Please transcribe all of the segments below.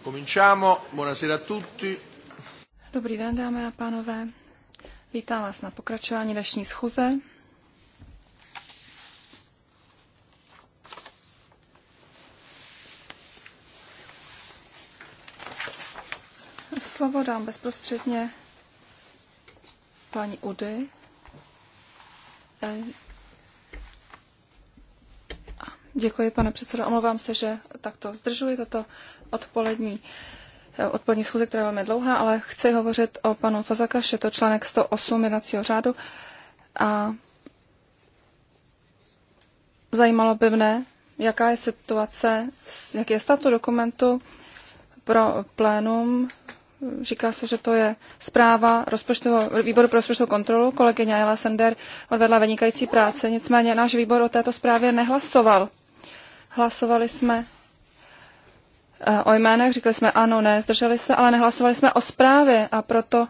Cominciamo. Buonasera a tutti. Dobrý den, dámy a pánové. Vítám vás na pokračování dnešní schůze. Slovo dám bezprostředně paní Udy, eh, Děkuji, pane předsedo. Omlouvám se, že takto zdržuji toto odpolední eh, odpolední schůze, která je velmi dlouhá, ale chci hovořit o panu Fazakaš, je to článek 108 jednacího řádu a zajímalo by mne, jaká je situace, jaký je statu dokumentu pro plénum. Říká se, že to je zpráva výboru pro rozpočtovou kontrolu. Kolegyně Jela Sender odvedla vynikající práce, nicméně náš výbor o této zprávě nehlasoval. Hlasovali jsme Eh, o jménech, říkali jsme ano, ne, zdrželi se, ale nehlasovali jsme o zprávě a proto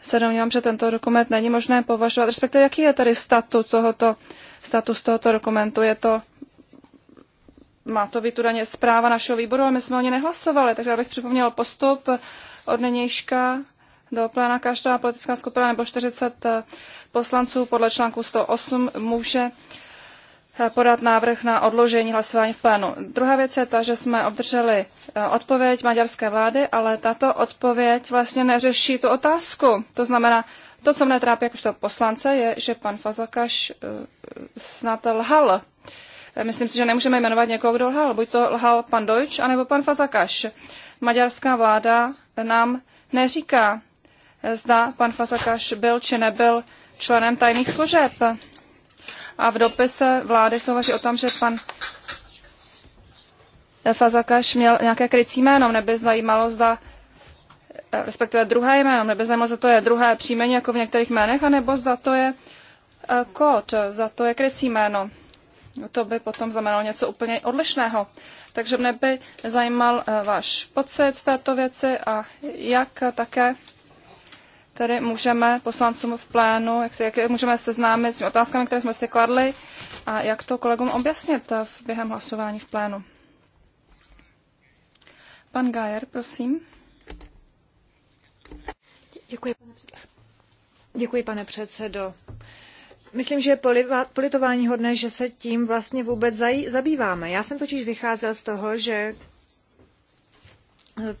se domnívám, že tento dokument není možné považovat. Respektive, jaký je tady statut tohoto, status tohoto dokumentu? Je to, má to být údajně zpráva našeho výboru, ale my jsme o ně nehlasovali, takže bych připomněl postup od nynějška do pléna každá politická skupina nebo 40 eh, poslanců podle článku 108 může Eh, podat návrh na odložení hlasování v plénu. Druhá věc je ta, že jsme obdrželi eh, odpověď maďarské vlády, ale tato odpověď vlastně neřeší tu otázku. To znamená, to, co mne trápí jakožto poslance, je, že pan Fazakaš eh, snad lhal. Myslím si, že nemůžeme jmenovat někoho, kdo lhal. Buď to lhal pan Deutsch, anebo pan Fazakaš. Maďarská vláda nám neříká, zda pan Fazakaš byl či nebyl členem tajných služeb a v dopise vlády se hovoří o tom, že pan Fazakaš měl nějaké krycí jméno. Mě by zajímalo, zda eh, respektive druhé jméno. Mě by zajímalo, zda to je druhé příjmení, jako v některých jménech, anebo zda to je eh, kód, za to je krycí jméno. No, to by potom znamenalo něco úplně odlišného. Takže mě by zajímal eh, váš pocit z této věci a jak také Tady můžeme poslancům v plénu, jak, se, jak můžeme seznámit s otázkami, které jsme si kladli a jak to kolegům objasnit eh, v, během hlasování v plénu. Pan Gajer, prosím. Děkuji, pane předsedo. Děkuji, pane předsedo. Myslím, že je politování hodné, že se tím vlastně vůbec zabýváme. Já jsem totiž vycházel z toho, že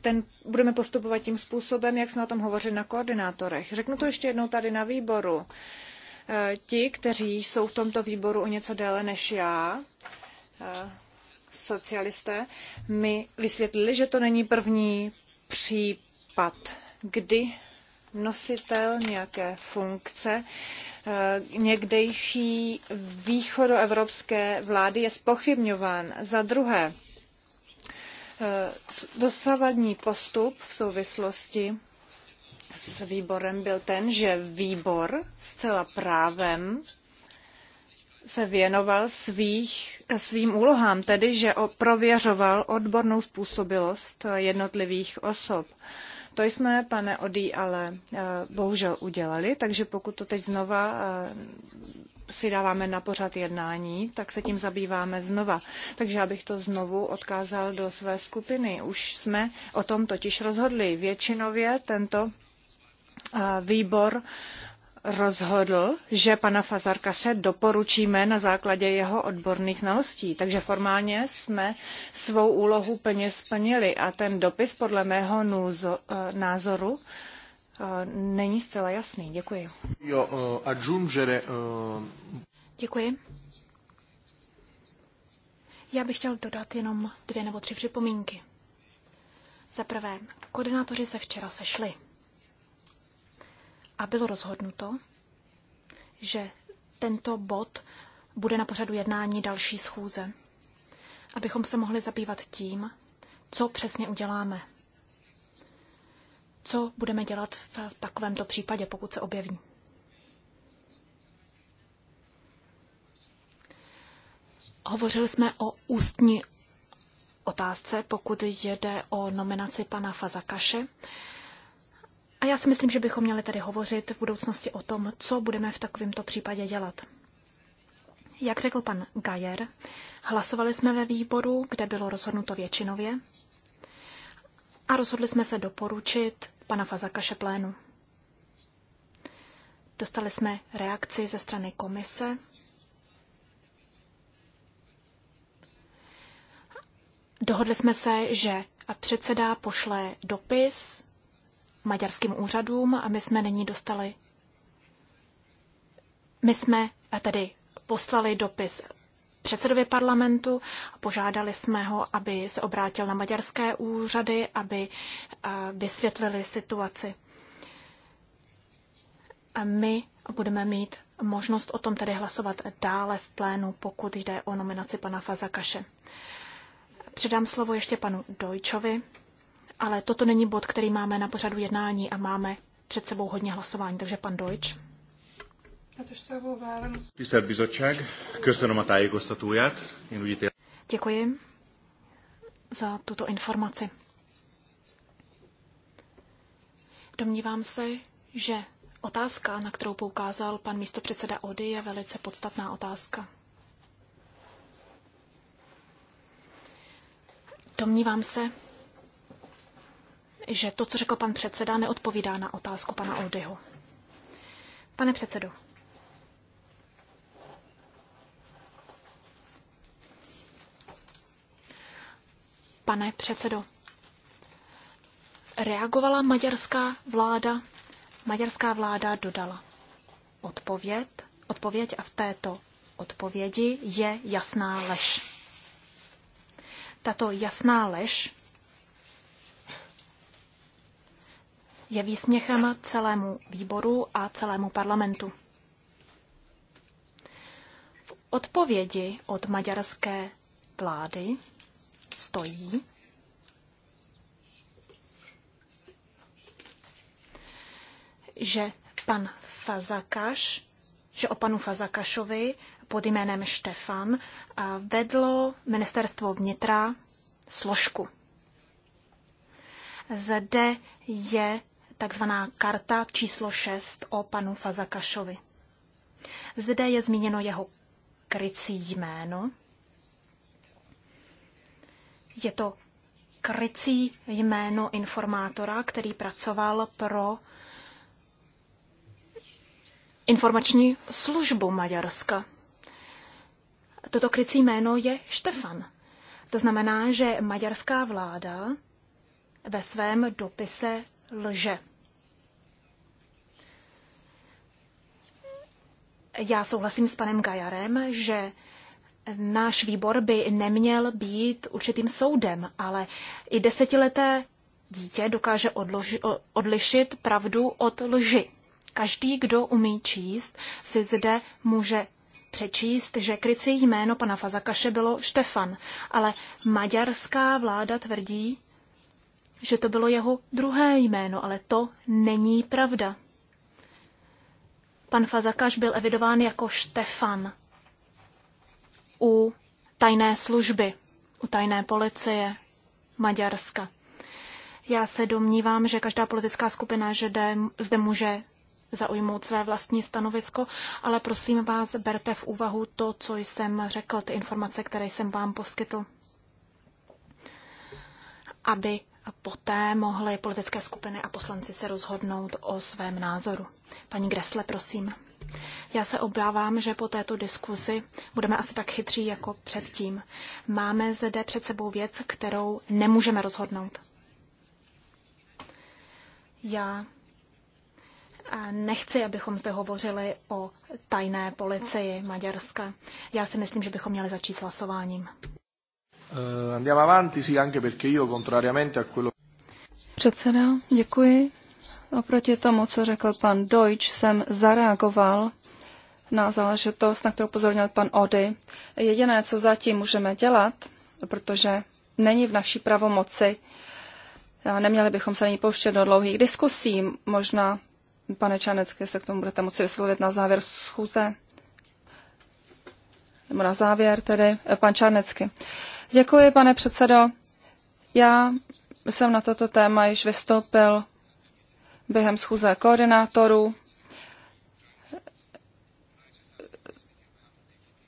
ten, budeme postupovat tím způsobem, jak jsme o tom hovořili na koordinátorech. Řeknu to ještě jednou tady na výboru. E, ti, kteří jsou v tomto výboru o něco déle než já, e, socialisté, mi vysvětlili, že to není první případ, kdy nositel nějaké funkce e, někdejší východoevropské vlády je spochybňován. Za druhé, Eh, dosavadní postup v souvislosti s výborem byl ten, že výbor zcela právem se věnoval svých, svým úlohám, tedy že prověřoval odbornou způsobilost jednotlivých osob. To jsme, pane Odí, ale eh, bohužel udělali, takže pokud to teď znova eh, si dáváme na pořad jednání, tak se tím zabýváme znova. Takže já bych to znovu odkázal do své skupiny. Už jsme o tom totiž rozhodli. Většinově tento eh, výbor rozhodl, že pana Fazarka se doporučíme na základě jeho odborných znalostí. Takže formálně jsme svou úlohu plně splnili a ten dopis podle mého eh, názoru Eh, není zcela jasný. Děkuji. Jo, eh, aggiungere, eh, Děkuji. Já bych chtěl dodat jenom dvě nebo tři připomínky. Za prvé, koordinátoři se včera sešli a bylo rozhodnuto, že tento bod bude na pořadu jednání další schůze, abychom se mohli zabývat tím, co přesně uděláme co budeme dělat v takovémto případě, pokud se objeví. Hovořili jsme o ústní otázce, pokud jde o nominaci pana Fazakaše. A já si myslím, že bychom měli tedy hovořit v budoucnosti o tom, co budeme v takovémto případě dělat. Jak řekl pan Gajer, hlasovali jsme ve výboru, kde bylo rozhodnuto většinově a rozhodli jsme se doporučit pana Fazakaše plénu. Dostali jsme reakci ze strany komise. Dohodli jsme se, že předseda pošle dopis maďarským úřadům a my jsme nyní dostali. My jsme tedy poslali dopis předsedovi parlamentu. Požádali jsme ho, aby se obrátil na maďarské úřady, aby eh, vysvětlili situaci. A my budeme mít možnost o tom tedy hlasovat dále v plénu, pokud jde o nominaci pana Fazakaše. Předám slovo ještě panu Dojčovi, ale toto není bod, který máme na pořadu jednání a máme před sebou hodně hlasování, takže pan Dojč. Tisztelt Bizottság, köszönöm a tájékoztatóját. Én úgy ítél... Děkuji za tuto informaci. Domnívám se, že otázka, na kterou poukázal pan místopředseda Ody, je velice podstatná otázka. Domnívám se, že to, co řekl pan předseda, neodpovídá na otázku pana Odyho. Pane předsedo, pane předsedo. Reagovala maďarská vláda. Maďarská vláda dodala odpověď, odpověď a v této odpovědi je jasná lež. Tato jasná lež je výsměchem celému výboru a celému parlamentu. V odpovědi od maďarské vlády stojí. Že pan Fazakaš, že o panu Fazakašovi pod jménem Štefan vedlo ministerstvo vnitra složku. Zde je takzvaná karta číslo 6 o panu Fazakašovi. Zde je zmíněno jeho krycí jméno je to krycí jméno informátora, který pracoval pro informační službu Maďarska. Toto krycí jméno je Štefan. To znamená, že maďarská vláda ve svém dopise lže. Já souhlasím s panem Gajarem, že náš výbor by neměl být určitým soudem, ale i desetileté dítě dokáže odloži, odlišit pravdu od lži. Každý, kdo umí číst, si zde může přečíst, že krycí jméno pana Fazakaše bylo Štefan, ale maďarská vláda tvrdí, že to bylo jeho druhé jméno, ale to není pravda. Pan Fazakaš byl evidován jako Štefan u tajné služby, u tajné policie Maďarska. Já se domnívám, že každá politická skupina jde, zde může zaujmout své vlastní stanovisko, ale prosím vás, berte v úvahu to, co jsem řekl, ty informace, které jsem vám poskytl, aby poté mohly politické skupiny a poslanci se rozhodnout o svém názoru. Paní Gresle, prosím. Já se obávám, že po této diskuzi budeme asi tak chytří jako předtím. Máme zde před sebou věc, kterou nemůžeme rozhodnout. Já nechci, abychom zde hovořili o tajné policii Maďarska. Já si myslím, že bychom měli začít s hlasováním. Uh, andiamo avanti, sì, anche perché io, contrariamente a quello... Předseda, děkuji. Oproti tomu, co řekl pan Deutsch, jsem zareagoval na záležitost, na kterou pozornil pan Ody. Jediné, co zatím můžeme dělat, protože není v naší pravomoci, neměli bychom se ani pouštět do dlouhých diskusí. Možná, pane Čanecké, se k tomu budete moci vyslovit na závěr schůze. Nebo na závěr tedy, eh, pan Čanecký. Děkuji, pane předsedo. Já jsem na toto téma již vystoupil během schůze koordinátorů.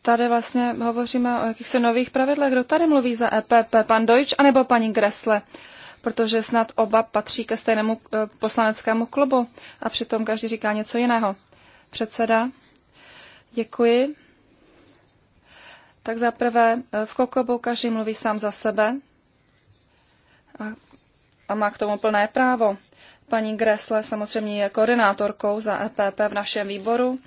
Tady vlastně hovoříme o jakýchsi nových pravidlech. Kdo tady mluví za EPP? Pan Deutsch anebo paní Gressle? Protože snad oba patří ke stejnému e, poslaneckému klubu a přitom každý říká něco jiného. Předseda, děkuji. Tak zaprvé e, v Kokobu každý mluví sám za sebe a, a má k tomu plné právo. Paní Gresle samozřejmě je koordinátorkou za EPP v našem výboru.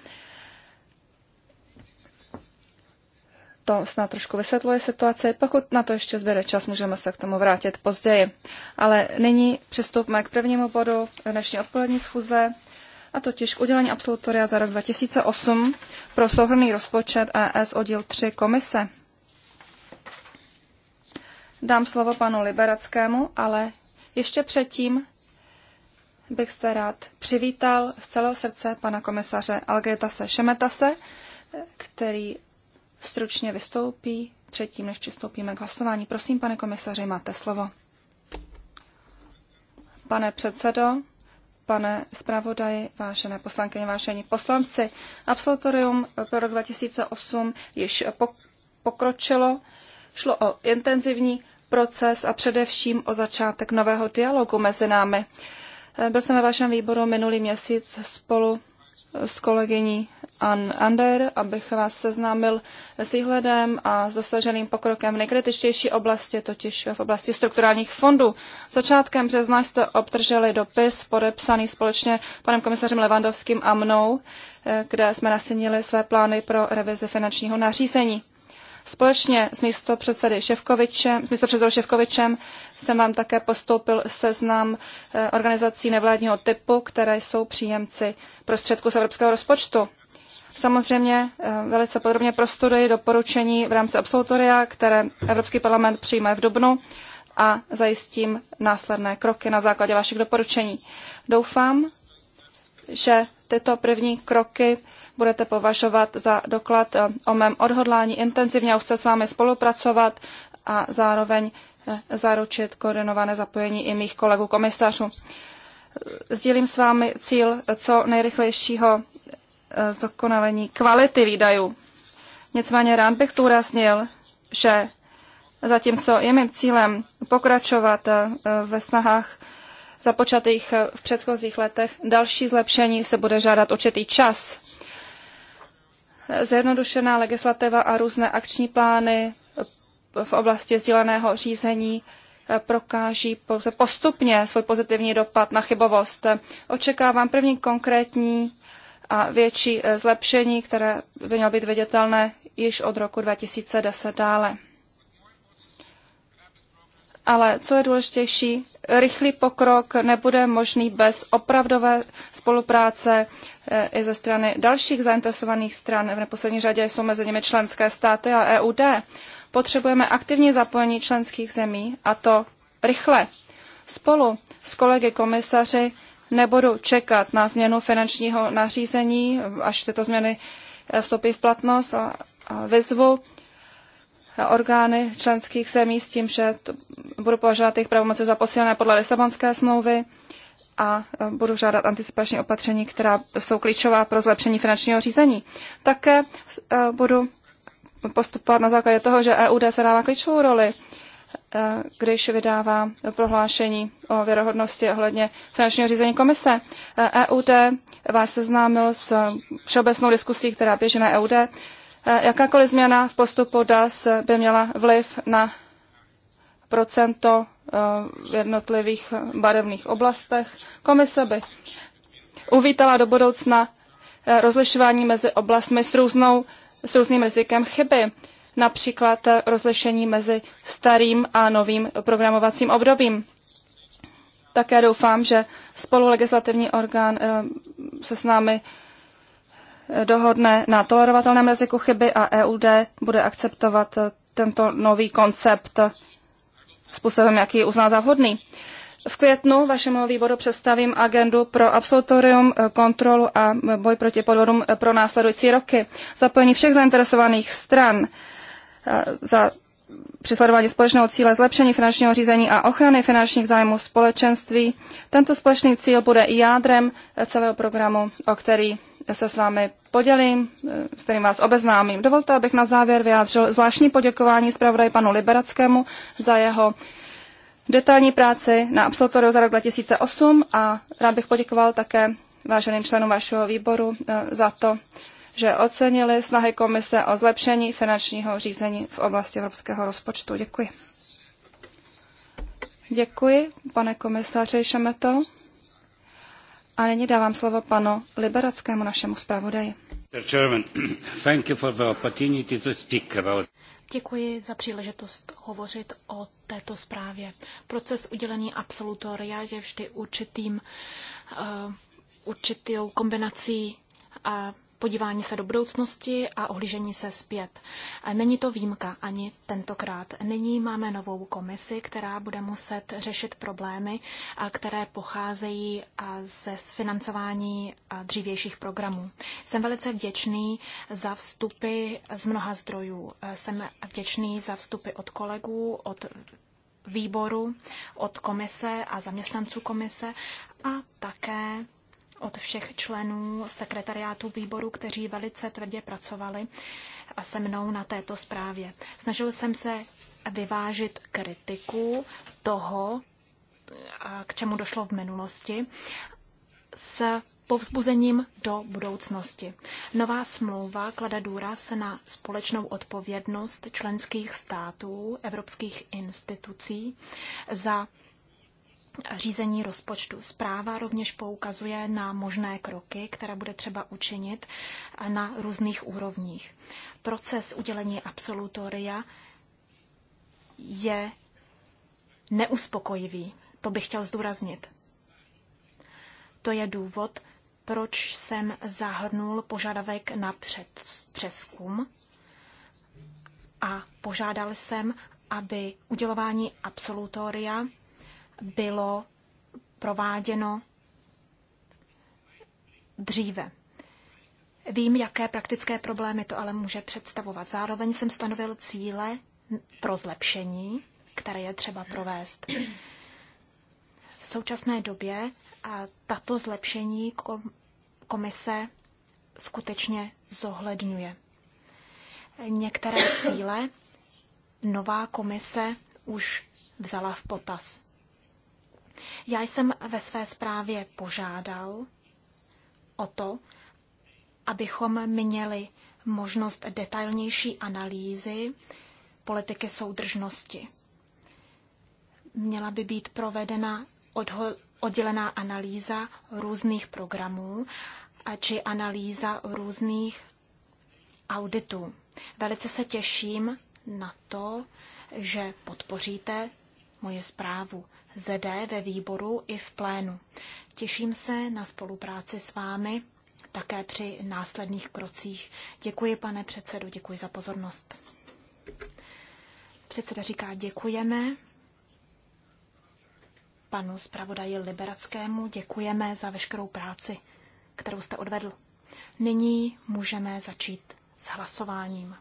To snad trošku vysvětluje situaci. Pokud na to ještě zbyde čas, můžeme se k tomu vrátit později. Ale nyní přistoupíme k prvnímu bodu dnešní odpolední schůze, a totiž k udělení absolutoria za rok 2008 pro souhrný rozpočet ES oddíl 3 komise. Dám slovo panu Liberackému, ale ještě předtím bych zde rád přivítal z celého srdce pana komisaře Algetase Šemetase, který stručně vystoupí předtím, než přistoupíme k hlasování. Prosím, pane komisaři, máte slovo. Pane předsedo, pane zpravodaji, vážené poslankyně, vážení poslanci, absolutorium pro rok 2008 již pokročilo. Šlo o intenzivní proces a především o začátek nového dialogu mezi námi. Eh, byl jsem ve vašem výboru minulý měsíc spolu s kolegyní Ann Ander, abych vás seznámil s výhledem a s dosaženým pokrokem v nejkritičtější oblasti, totiž v oblasti strukturálních fondů. Začátkem března jste obdrželi dopis podepsaný společně panem komisařem Levandovským a mnou, eh, kde jsme nasinili své plány pro revizi finančního nařízení. Společně s místo předsedy Ševkovičem, Ševkovičem jsem vám také postoupil seznam eh, organizací nevládního typu, které jsou příjemci prostředků z evropského rozpočtu. Samozřejmě eh, velice podrobně prostuduji doporučení v rámci absolutoria, které Evropský parlament přijme v Dubnu a zajistím následné kroky na základě vašich doporučení. Doufám, že tyto první kroky budete považovat za doklad eh, o mém odhodlání intenzivně a chce s vámi spolupracovat a zároveň eh, zaručit koordinované zapojení i mých kolegů komisařů. Sdílím s vámi cíl eh, co nejrychlejšího zdokonalení kvality výdajů. Nicméně rád bych zdůraznil, že zatímco je mým cílem pokračovat ve snahách započatých eh, v předchozích letech. Další zlepšení se bude žádat určitý čas. Zjednodušená legislativa a různé akční plány eh, v oblasti sdíleného řízení eh, prokáží postupně svůj pozitivní dopad na chybovost. Očekávám první konkrétní a větší zlepšení, které by mělo být viditelné již od roku 2010 dále ale co je důležitější, rychlý pokrok nebude možný bez opravdové spolupráce eh, i ze strany dalších zainteresovaných stran. V neposlední řadě jsou mezi nimi členské státy a EUD. Potřebujeme aktivní zapojení členských zemí a to rychle. Spolu s kolegy komisaři nebudu čekat na změnu finančního nařízení, až tyto změny eh, vstoupí v platnost a vyzvu orgány členských zemí s tím, že budu považovat jejich pravomoci za posílené podle Lisabonské smlouvy a e, budu žádat anticipační opatření, která jsou klíčová pro zlepšení finančního řízení. Také e, budu postupovat na základě toho, že EUD se dává klíčovou roli, e, když vydává prohlášení o věrohodnosti ohledně finančního řízení komise. EUD vás seznámil s všeobecnou diskusí, která běží na EUD Eh, jakákoliv změna v postupu DAS by měla vliv na procento eh, v jednotlivých barevných oblastech. Komise by uvítala do budoucna eh, rozlišování mezi oblastmi s, různou, s různým rizikem chyby, například rozlišení mezi starým a novým programovacím obdobím. Také doufám, že spolulegislativní orgán se s námi dohodne na tolerovatelném riziku chyby a EUD bude akceptovat eh, tento nový koncept způsobem, jaký uzná za vhodný. V květnu vašemu výboru představím agendu pro absolutorium, eh, kontrolu a eh, boj proti podvodům pro následující roky. Zapojení všech zainteresovaných stran za přisledování společného cíle zlepšení finančního řízení a ochrany finančních zájmů společenství. Tento společný cíl bude i jádrem celého programu, o který se s vámi podělím, s kterým vás obeznámím. Dovolte, abych na závěr vyjádřil zvláštní poděkování zpravodaji panu Liberackému za jeho detailní práci na absolutoriu za rok 2008 a rád bych poděkoval také váženým členům vašeho výboru eh, za to, že ocenili snahy komise o zlepšení finančního řízení v oblasti evropského rozpočtu. Děkuji. Děkuji, pane komisaři Šemeto. A nyní dávám slovo panu Liberackému, našemu zpravodaji. Děkuji za příležitost hovořit o této zprávě. Proces udělení absolutoria je vždy určitým, uh, určitou kombinací a eh, podívání se do budoucnosti a ohlížení se zpět. Není to výjimka ani tentokrát. Nyní máme novou komisi, která bude muset řešit problémy, které pocházejí ze financování dřívějších programů. Jsem velice vděčný za vstupy z mnoha zdrojů. Jsem vděčný za vstupy od kolegů, od výboru, od komise a zaměstnanců komise a také od všech členů sekretariátu výboru, kteří velice tvrdě pracovali a se mnou na této zprávě. Snažil jsem se vyvážit kritiku toho, k čemu došlo v minulosti, s povzbuzením do budoucnosti. Nová smlouva klade důraz na společnou odpovědnost členských států, evropských institucí za řízení rozpočtu. Zpráva rovněž poukazuje na možné kroky, které bude třeba učinit na různých úrovních. Proces udělení absolutoria je neuspokojivý. To bych chtěl zdůraznit. To je důvod, proč jsem zahrnul požadavek na přeskum a požádal jsem, aby udělování absolutoria bylo prováděno dříve. Vím, jaké praktické problémy to ale může představovat. Zároveň jsem stanovil cíle pro zlepšení, které je třeba provést. V současné době a tato zlepšení komise skutečně zohledňuje. Některé cíle nová komise už vzala v potaz. Já jsem ve své zprávě požádal o to, abychom měli možnost detailnější analýzy politiky soudržnosti. Měla by být provedena oddělená analýza různých programů či analýza různých auditů. Velice se těším na to, že podpoříte moje zprávu. ZD ve výboru i v plénu. Těším se na spolupráci s vámi také při následných krocích. Děkuji, pane předsedo, děkuji za pozornost. Předseda říká děkujeme panu zpravodaji Liberackému, děkujeme za veškerou práci, kterou jste odvedl. Nyní můžeme začít s hlasováním.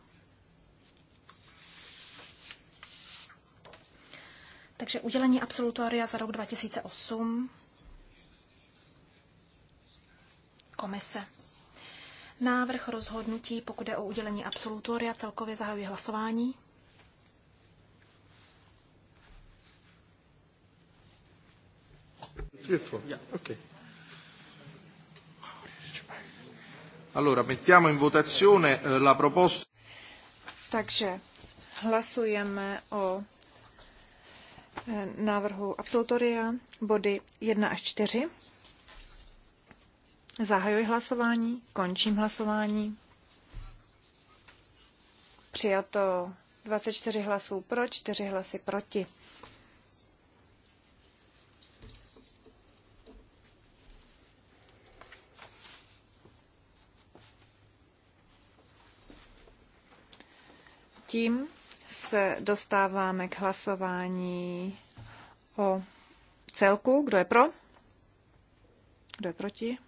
Takže udělení absolutoria za rok 2008. Komise. Návrh rozhodnutí, pokud je o udělení absolutoria, celkově zahajuje hlasování. Allora, mettiamo in votazione eh, la proposta. Takže hlasujeme o Eh, návrhu absolutoria body 1 až 4. Zahajuji hlasování, končím hlasování. Přijato 24 hlasů pro, 4 hlasy proti. Tím se dostáváme k hlasování o celku. Kdo je pro? Kdo je proti?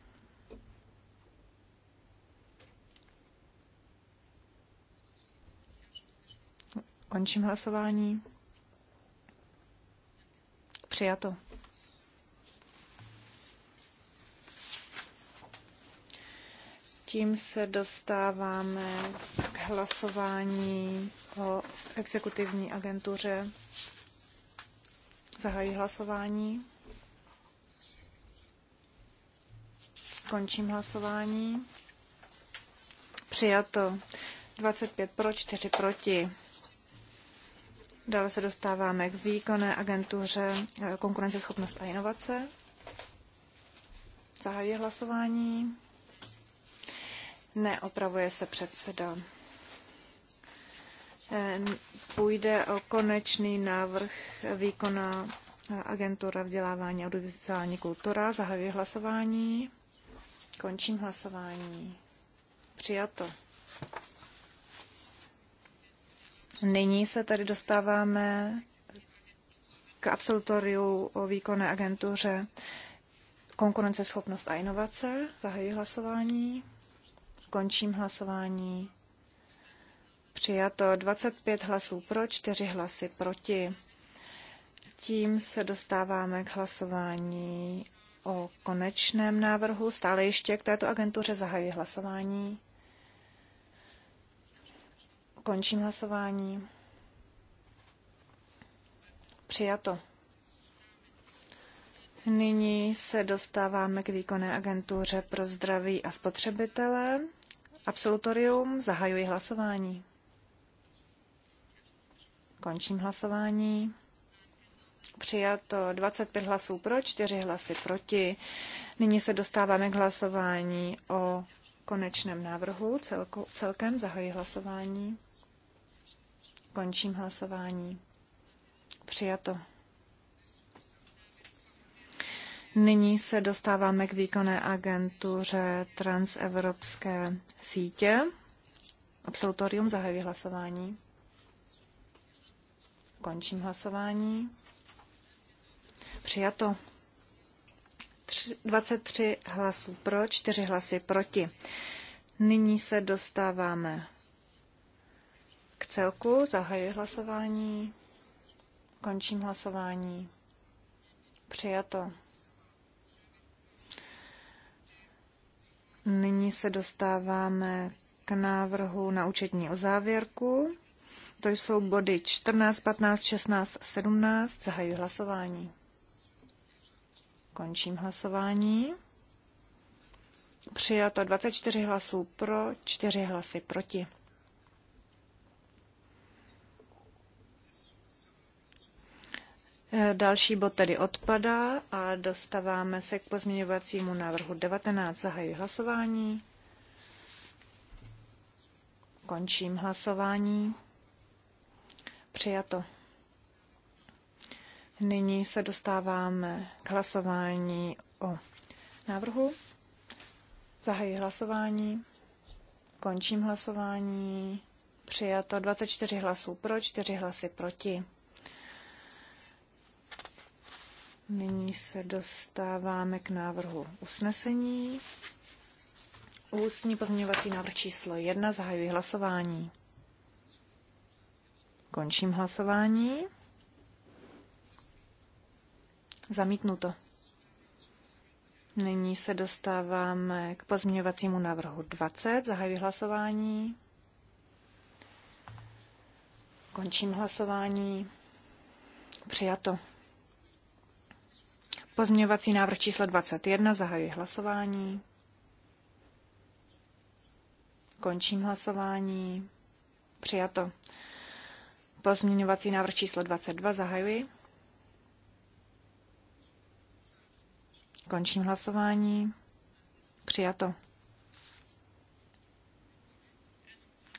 Končím hlasování. Přijato. Tím se dostáváme k hlasování o exekutivní agentuře. Zahají hlasování. Končím hlasování. Přijato. 25 pro, 4 proti. Dále se dostáváme k výkonné agentuře eh, konkurenceschopnost a inovace. Zahají hlasování. Neopravuje se předseda půjde o konečný návrh výkona e, agentura vzdělávání a audiovizuální kultura. Zahajuji hlasování. Končím hlasování. Přijato. Nyní se tady dostáváme k absolutoriu o výkonné agentuře konkurenceschopnost a inovace. Zahajuji hlasování. Končím hlasování. Přijato 25 hlasů pro, 4 hlasy proti. Tím se dostáváme k hlasování o konečném návrhu. Stále ještě k této agentuře zahajuji hlasování. Končím hlasování. Přijato. Nyní se dostáváme k výkonné agentuře pro zdraví a spotřebitele. Absolutorium. Zahajuji hlasování. Končím hlasování. Přijato 25 hlasů pro, 4 hlasy proti. Nyní se dostáváme k hlasování o konečném návrhu. Celku, celkem zahoji hlasování. Končím hlasování. Přijato. Nyní se dostáváme k výkonné agentuře Transevropské sítě. Absolutorium zahajuje hlasování. Končím hlasování. Přijato. 23 hlasů pro, 4 hlasy proti. Nyní se dostáváme k celku. Zahajuji hlasování. Končím hlasování. Přijato. Nyní se dostáváme k návrhu na účetní uzávěrku. To jsou body 14, 15, 16, 17. Zahajuji hlasování. Končím hlasování. Přijato 24 hlasů pro, 4 hlasy proti. E, další bod tedy odpadá a dostáváme se k pozměňovacímu návrhu 19. Zahajuji hlasování. Končím hlasování. Přijato. Nyní se dostáváme k hlasování o návrhu. Zahají hlasování. Končím hlasování. Přijato 24 hlasů pro, 4 hlasy proti. Nyní se dostáváme k návrhu usnesení. Ústní pozměňovací návrh číslo 1. Zahajuji hlasování. Končím hlasování. Zamítnuto. Nyní se dostáváme k pozměňovacímu návrhu 20. Zahajuji hlasování. Končím hlasování. Přijato. Pozměňovací návrh číslo 21. Zahajuji hlasování. Končím hlasování. Přijato. Pozměňovací návrh číslo 22 zahajuji. Končím hlasování. Přijato.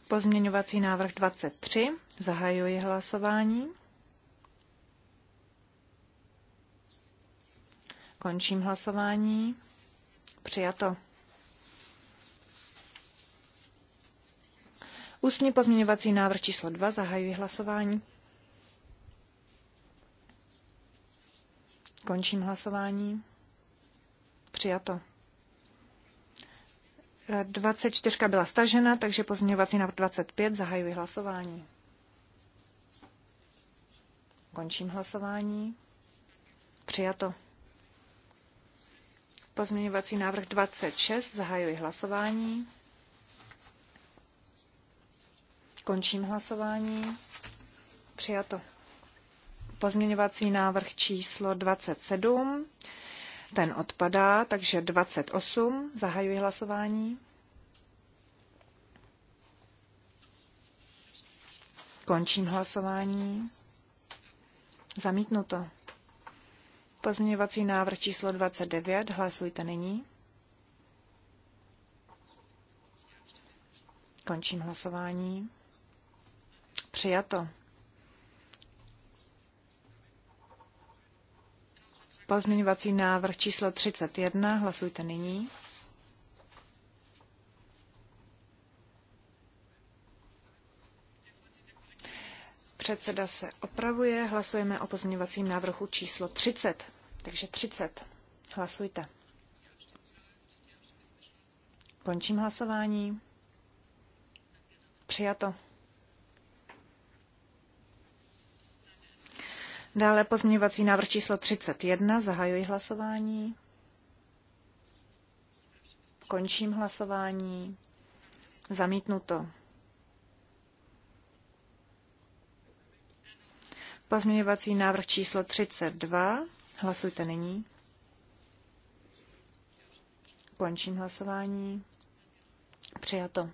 Pozměňovací návrh 23. Zahajuji hlasování. Končím hlasování. Přijato. Ústní pozměňovací návrh číslo 2. Zahajuji hlasování. Končím hlasování. Přijato. 24 byla stažena, takže pozměňovací návrh 25. Zahajuji hlasování. Končím hlasování. Přijato. Pozměňovací návrh 26. Zahajuji hlasování. Končím hlasování. Přijato. Pozměňovací návrh číslo 27. Ten odpadá, takže 28. Zahajuji hlasování. Končím hlasování. Zamítnuto. Pozměňovací návrh číslo 29. Hlasujte nyní. Končím hlasování. Přijato. Pozměňovací návrh číslo 31. Hlasujte nyní. Předseda se opravuje. Hlasujeme o pozměňovacím návrhu číslo 30. Takže 30. Hlasujte. Končím hlasování. Přijato. Dále pozměňovací návrh číslo 31. Zahajuji hlasování. Končím hlasování. Zamítnuto. Pozměňovací návrh číslo 32. Hlasujte nyní. Končím hlasování. Přijato.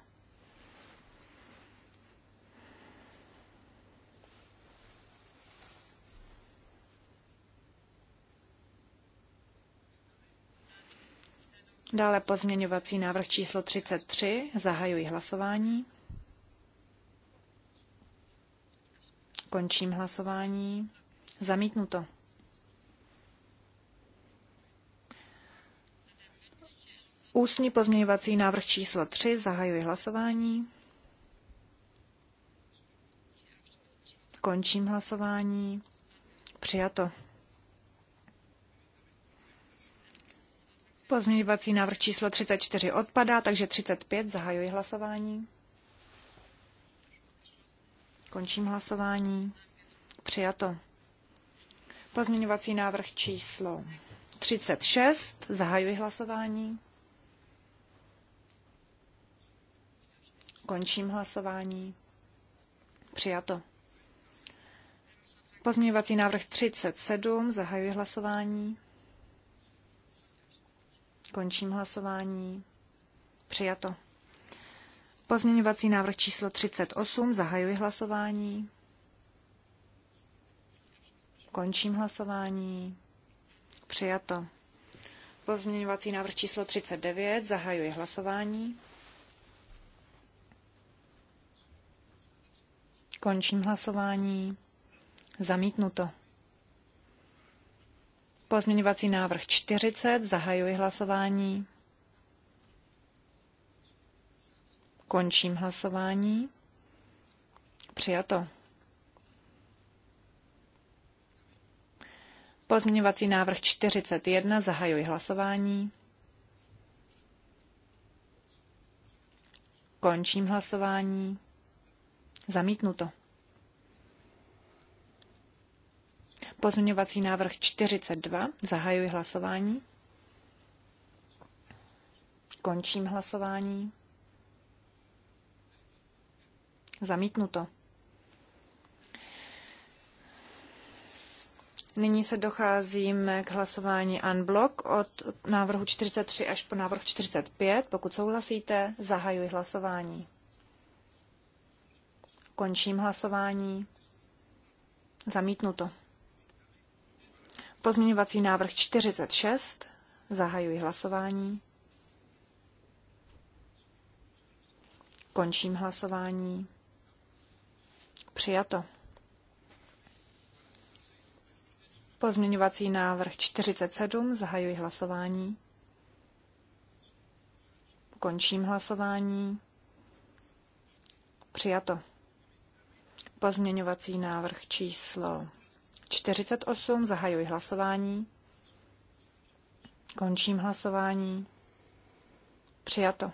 Dále pozměňovací návrh číslo 33. Zahajuji hlasování. Končím hlasování. Zamítnuto. Ústní pozměňovací návrh číslo 3. Zahajuji hlasování. Končím hlasování. Přijato. Pozměňovací návrh číslo 34 odpadá, takže 35 zahajuji hlasování. Končím hlasování. Přijato. Pozměňovací návrh číslo 36. Zahajuji hlasování. Končím hlasování. Přijato. Pozměňovací návrh 37. Zahajuji hlasování. Končím hlasování. Přijato. Pozměňovací návrh číslo 38. Zahajuji hlasování. Končím hlasování. Přijato. Pozměňovací návrh číslo 39. Zahajuji hlasování. Končím hlasování. Zamítnuto. Pozměňovací návrh 40. Zahajuji hlasování. Končím hlasování. Přijato. Pozměňovací návrh 41. Zahajuji hlasování. Končím hlasování. Zamítnuto. Pozměňovací návrh 42. Zahajuji hlasování. Končím hlasování. Zamítnuto. Nyní se docházíme k hlasování unblock od návrhu 43 až po návrh 45. Pokud souhlasíte, zahajuji hlasování. Končím hlasování. Zamítnuto. Pozměňovací návrh 46. Zahajuji hlasování. Končím hlasování. Přijato. Pozměňovací návrh 47. Zahajuji hlasování. Končím hlasování. Přijato. Pozměňovací návrh číslo 48. Zahajuji hlasování. Končím hlasování. Přijato.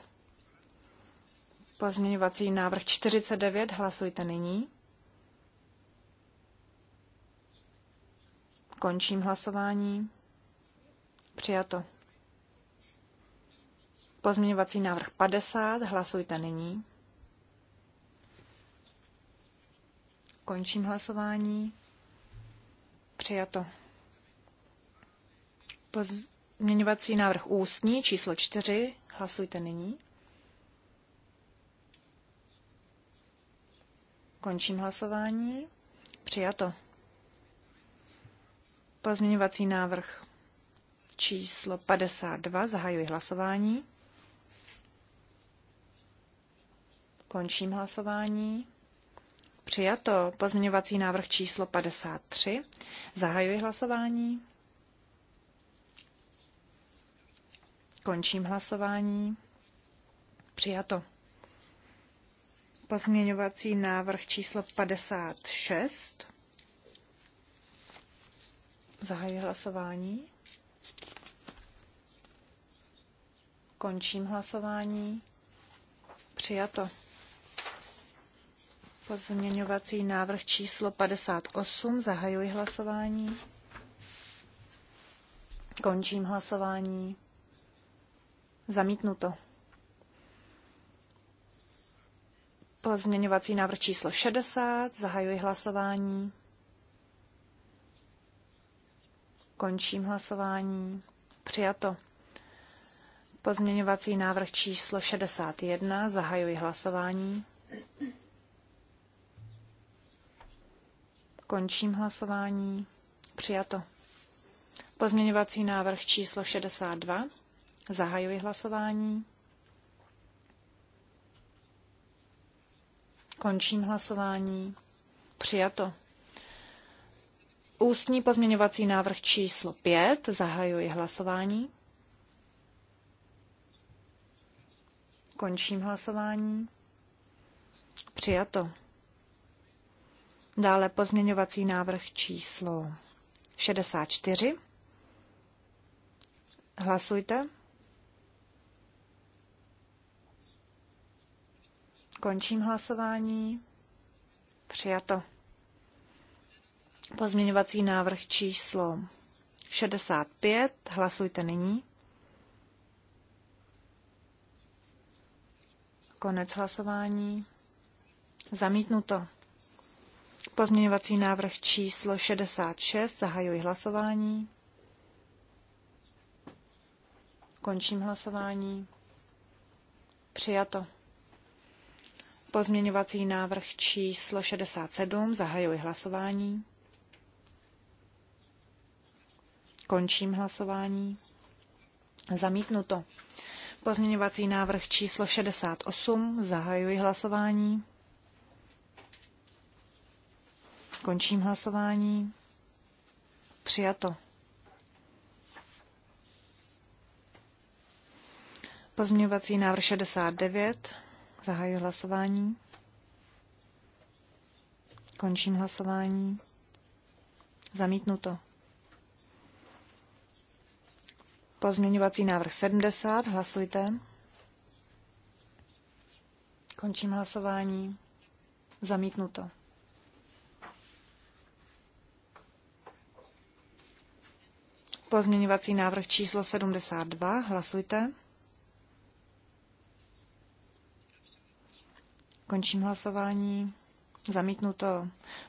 Pozměňovací návrh 49. Hlasujte nyní. Končím hlasování. Přijato. Pozměňovací návrh 50. Hlasujte nyní. Končím hlasování přijato. Pozměňovací návrh ústní číslo 4. Hlasujte nyní. Končím hlasování. Přijato. Pozměňovací návrh číslo 52. Zahajuji hlasování. Končím hlasování. Přijato pozměňovací návrh číslo 53. Zahajuji hlasování. Končím hlasování. Přijato. Pozměňovací návrh číslo 56. Zahajuji hlasování. Končím hlasování. Přijato. Pozměňovací návrh číslo 58. Zahajuji hlasování. Končím hlasování. Zamítnuto. Pozměňovací návrh číslo 60. Zahajuji hlasování. Končím hlasování. Přijato. Pozměňovací návrh číslo 61. Zahajuji hlasování. Končím hlasování. Přijato. Pozměňovací návrh číslo 62. Zahajuji hlasování. Končím hlasování. Přijato. Ústní pozměňovací návrh číslo 5. Zahajuji hlasování. Končím hlasování. Přijato. Dále pozměňovací návrh číslo 64. Hlasujte. Končím hlasování. Přijato. Pozměňovací návrh číslo 65. Hlasujte nyní. Konec hlasování. Zamítnuto. Pozměňovací návrh číslo 66. Zahajuji hlasování. Končím hlasování. Přijato. Pozměňovací návrh číslo 67. Zahajuji hlasování. Končím hlasování. Zamítnuto. Pozměňovací návrh číslo 68. Zahajuji hlasování. Končím hlasování. Přijato. Pozměňovací návrh 69. Zahajuji hlasování. Končím hlasování. Zamítnuto. Pozměňovací návrh 70. Hlasujte. Končím hlasování. Zamítnuto. Pozměňovací návrh číslo 72. Hlasujte. Končím hlasování. Zamítnuto.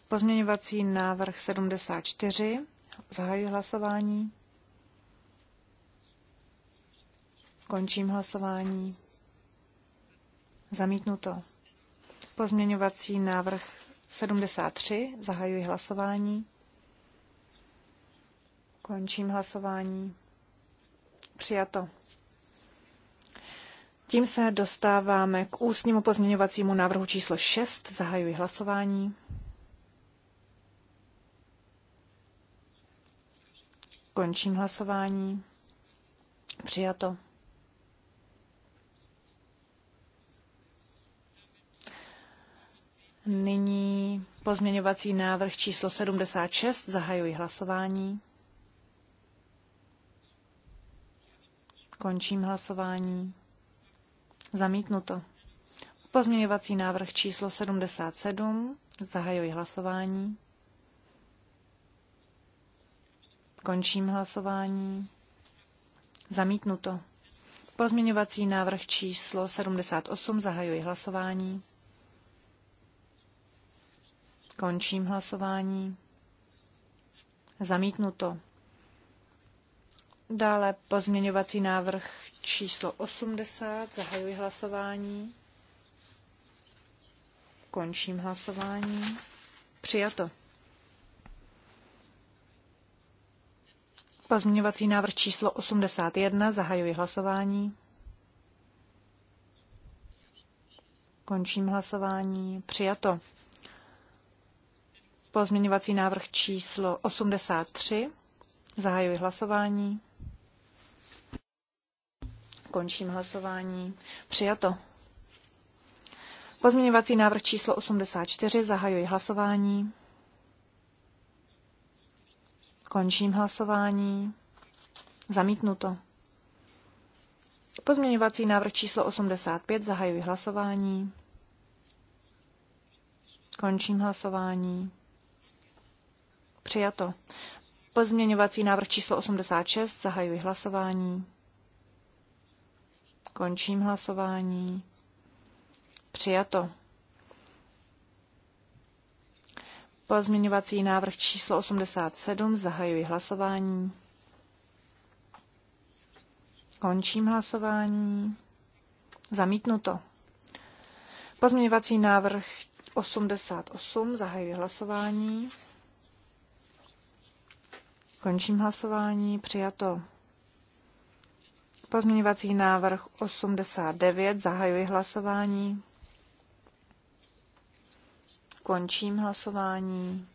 Pozměňovací návrh 74. Zahajuji hlasování. Končím hlasování. Zamítnuto. Pozměňovací návrh 73. Zahajuji hlasování. Končím hlasování. Přijato. Tím se dostáváme k ústnímu pozměňovacímu návrhu číslo 6. Zahajuji hlasování. Končím hlasování. Přijato. Nyní pozměňovací návrh číslo 76. Zahajuji hlasování. Končím hlasování. Zamítnuto. Pozměňovací návrh číslo 77. Zahajuji hlasování. Končím hlasování. Zamítnuto. Pozměňovací návrh číslo 78. Zahajuji hlasování. Končím hlasování. Zamítnuto. Dále pozměňovací návrh číslo 80. Zahajuji hlasování. Končím hlasování. Přijato. Pozměňovací návrh číslo 81. Zahajuji hlasování. Končím hlasování. Přijato. Pozměňovací návrh číslo 83. Zahajuji hlasování. Končím hlasování. Přijato. Pozměňovací návrh číslo 84. Zahajuji hlasování. Končím hlasování. Zamítnuto. Pozměňovací návrh číslo 85. Zahajuji hlasování. Končím hlasování. Přijato. Pozměňovací návrh číslo 86. Zahajuji hlasování. Končím hlasování. Přijato. Pozměňovací návrh číslo 87. Zahajuji hlasování. Končím hlasování. Zamítnuto. Pozměňovací návrh 88. Zahajuji hlasování. Končím hlasování. Přijato. Pozměňovací návrh 89. Zahajuji hlasování. Končím hlasování.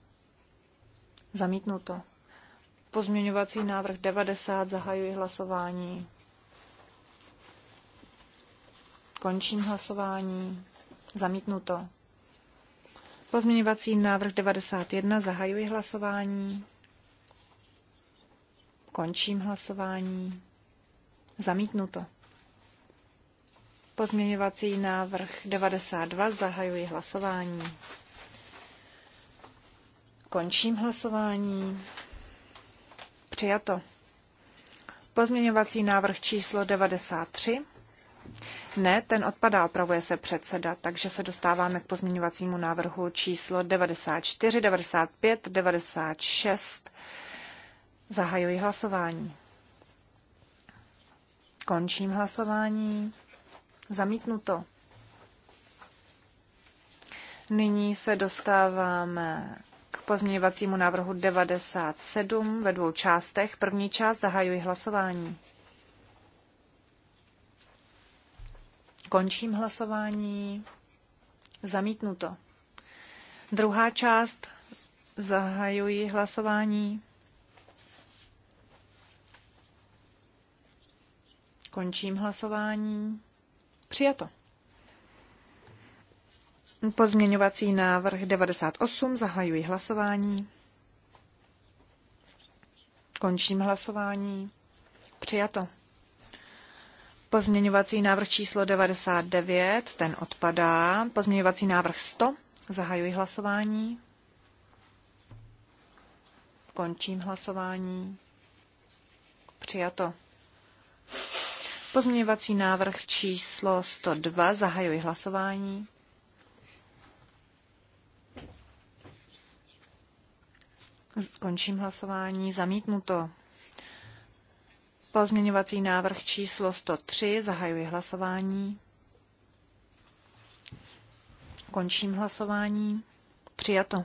Zamítnuto. Pozměňovací návrh 90. Zahajuji hlasování. Končím hlasování. Zamítnuto. Pozměňovací návrh 91. Zahajuji hlasování. Končím hlasování. Zamítnuto. Pozměňovací návrh 92. Zahajuji hlasování. Končím hlasování. Přijato. Pozměňovací návrh číslo 93. Ne, ten odpadá, opravuje se předseda, takže se dostáváme k pozměňovacímu návrhu číslo 94, 95, 96. Zahajuji hlasování. Končím hlasování. Zamítnuto. Nyní se dostáváme k pozměňovacímu návrhu 97 ve dvou částech. První část zahajuji hlasování. Končím hlasování. Zamítnuto. Druhá část zahajuji hlasování. Končím hlasování. Přijato. Pozměňovací návrh 98. Zahajuji hlasování. Končím hlasování. Přijato. Pozměňovací návrh číslo 99, ten odpadá. Pozměňovací návrh 100, zahajuji hlasování. Končím hlasování. Přijato. Pozměňovací návrh číslo 102. Zahajuji hlasování. Skončím hlasování. Zamítnuto. Pozměňovací návrh číslo 103. Zahajuji hlasování. Končím hlasování. Přijato.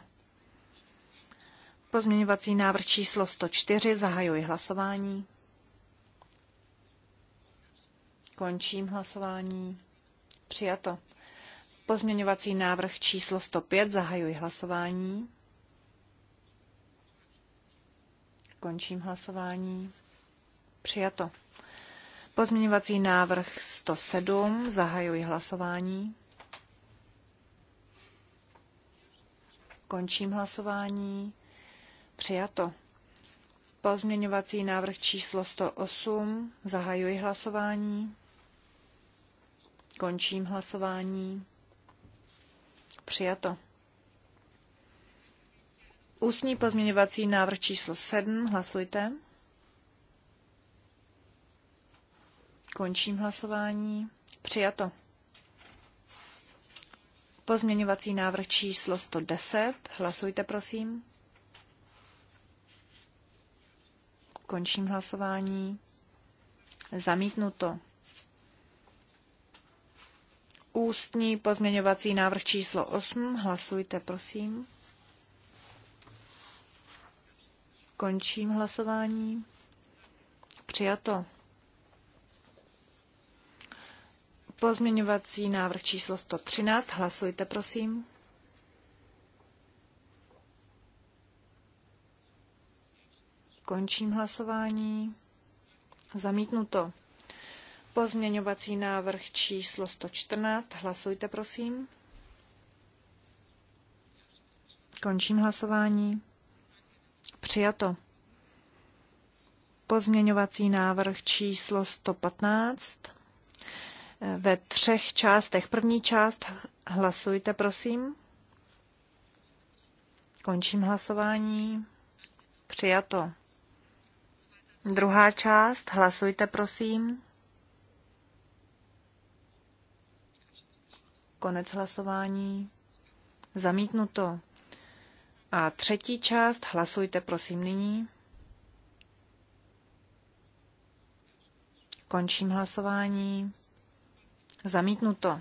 Pozměňovací návrh číslo 104. Zahajuji hlasování. Končím hlasování. Přijato. Pozměňovací návrh číslo 105. Zahajuji hlasování. Končím hlasování. Přijato. Pozměňovací návrh 107. Zahajuji hlasování. Končím hlasování. Přijato. Pozměňovací návrh číslo 108. Zahajuji hlasování. Končím hlasování. Přijato. Ústní pozměňovací návrh číslo 7. Hlasujte. Končím hlasování. Přijato. Pozměňovací návrh číslo 110. Hlasujte, prosím. Končím hlasování. Zamítnuto ústní pozměňovací návrh číslo 8. Hlasujte, prosím. Končím hlasování. Přijato. Pozměňovací návrh číslo 113. Hlasujte, prosím. Končím hlasování. Zamítnuto. Pozměňovací návrh číslo 114. Hlasujte, prosím. Končím hlasování. Přijato. Pozměňovací návrh číslo 115. Ve třech částech. První část hlasujte, prosím. Končím hlasování. Přijato. Druhá část hlasujte, prosím. Konec hlasování. Zamítnuto. A třetí část, hlasujte prosím nyní. Končím hlasování. Zamítnuto.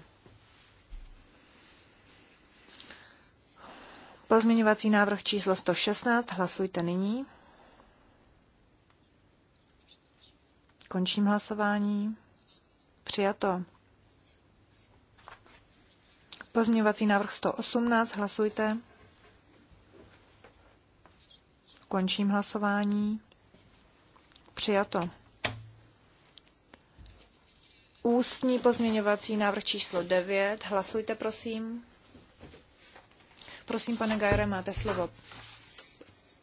Pozměňovací návrh číslo 116, hlasujte nyní. Končím hlasování. Přijato. Pozměňovací návrh 118, hlasujte. Končím hlasování. Přijato. Ústní pozměňovací návrh číslo 9. Hlasujte, prosím. Prosím, pane Gajere, máte slovo.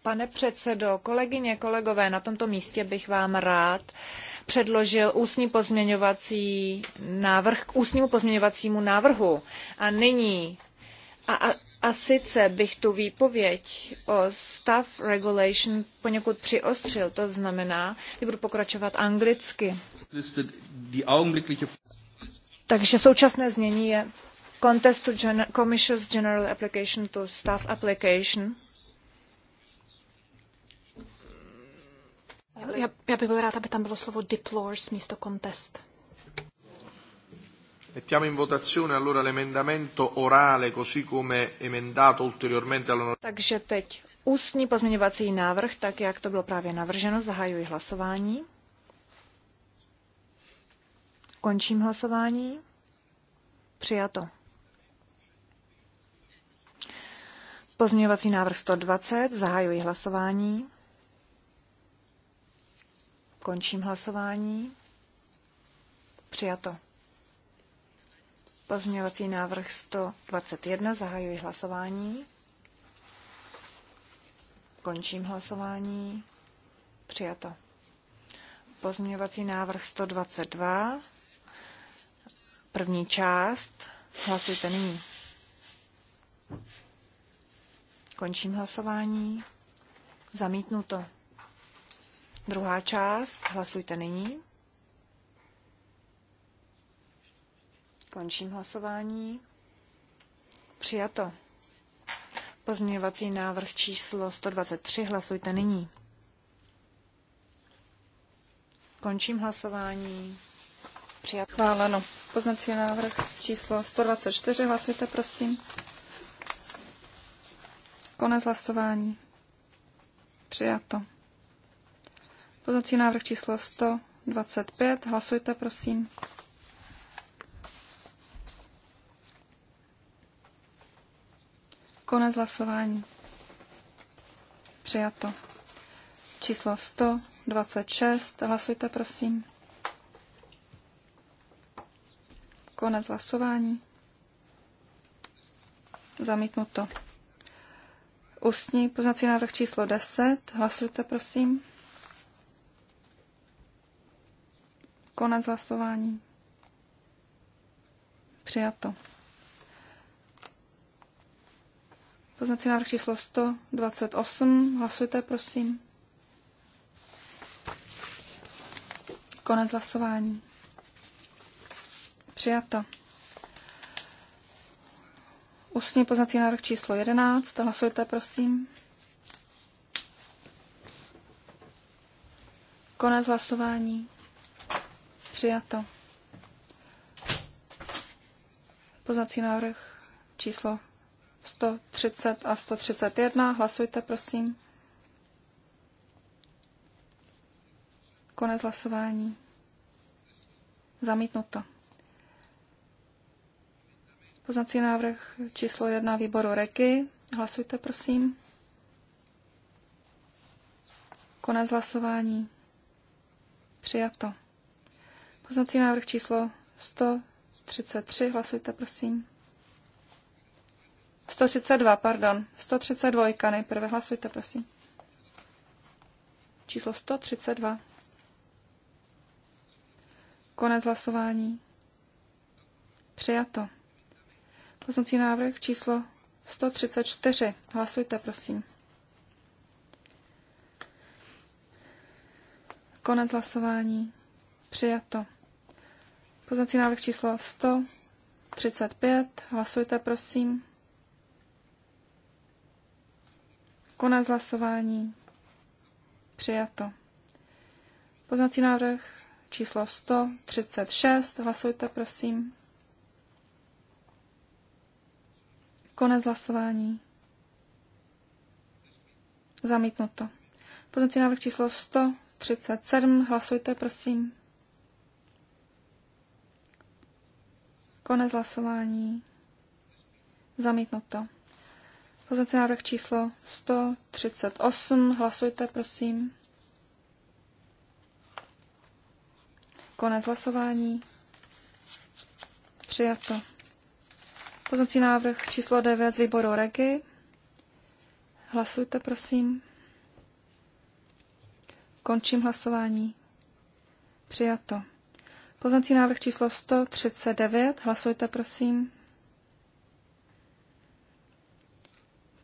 Pane předsedo, kolegyně, kolegové, na tomto místě bych vám rád uh, předložil ústní pozměňovací návrh k ústnímu pozměňovacímu návrhu. A nyní, a, a, a sice bych tu výpověď o staff regulation poněkud přiostřil, to znamená, že budu pokračovat anglicky. Takže současné znění je Contest to gen- Commission's General Application to Staff Application. Já, já bych byl rád, aby tam bylo slovo deplores místo contest. Mettiamo in votazione allora l'emendamento orale così come emendato ulteriormente alla... Takže teď ústní pozměňovací návrh, tak jak to bylo právě navrženo, zahajuji hlasování. Končím hlasování. Přijato. Pozměňovací návrh 120, zahajuji hlasování. Končím hlasování. Přijato. Pozměňovací návrh 121. Zahajuji hlasování. Končím hlasování. Přijato. Pozměňovací návrh 122. První část. Hlasujte nyní. Končím hlasování. Zamítnuto. Druhá část. Hlasujte nyní. Končím hlasování. Přijato. Pozměňovací návrh číslo 123. Hlasujte nyní. Končím hlasování. Přijato. Chváleno. Poznací návrh číslo 124. Hlasujte, prosím. Konec hlasování. Přijato. Poznací návrh číslo 125. Hlasujte, prosím. Konec hlasování. Přijato. Číslo 126. Hlasujte, prosím. Konec hlasování. Zamítnuto. Ústní poznací návrh číslo 10. Hlasujte, prosím. Konec hlasování. Přijato. Poznací návrh číslo 128. Hlasujte, prosím. Konec hlasování. Přijato. Ústní poznací návrh číslo 11. Hlasujte, prosím. Konec hlasování. Přijato. Poznací návrh číslo 130 a 131. Hlasujte, prosím. Konec hlasování. Zamítnuto. Poznací návrh číslo 1 výboru REKY. Hlasujte, prosím. Konec hlasování. Přijato. Poznací návrh číslo 133, hlasujte prosím. 132, pardon. 132, nejprve hlasujte prosím. Číslo 132. Konec hlasování. Přijato. Poznací návrh číslo 134. Hlasujte, prosím. Konec hlasování. Přijato. Poznací návrh číslo 135. Hlasujte, prosím. Konec hlasování. Přijato. Poznací návrh číslo 136. Hlasujte, prosím. Konec hlasování. Zamítnuto. Poznací návrh číslo 137. Hlasujte, prosím. Konec hlasování. Zamítnuto. Pozvací návrh číslo 138. Hlasujte, prosím. Konec hlasování. Přijato. Pozvací návrh číslo 9 z výboru REGI. Hlasujte, prosím. Končím hlasování. Přijato. Poznací návrh číslo 139. Hlasujte, prosím.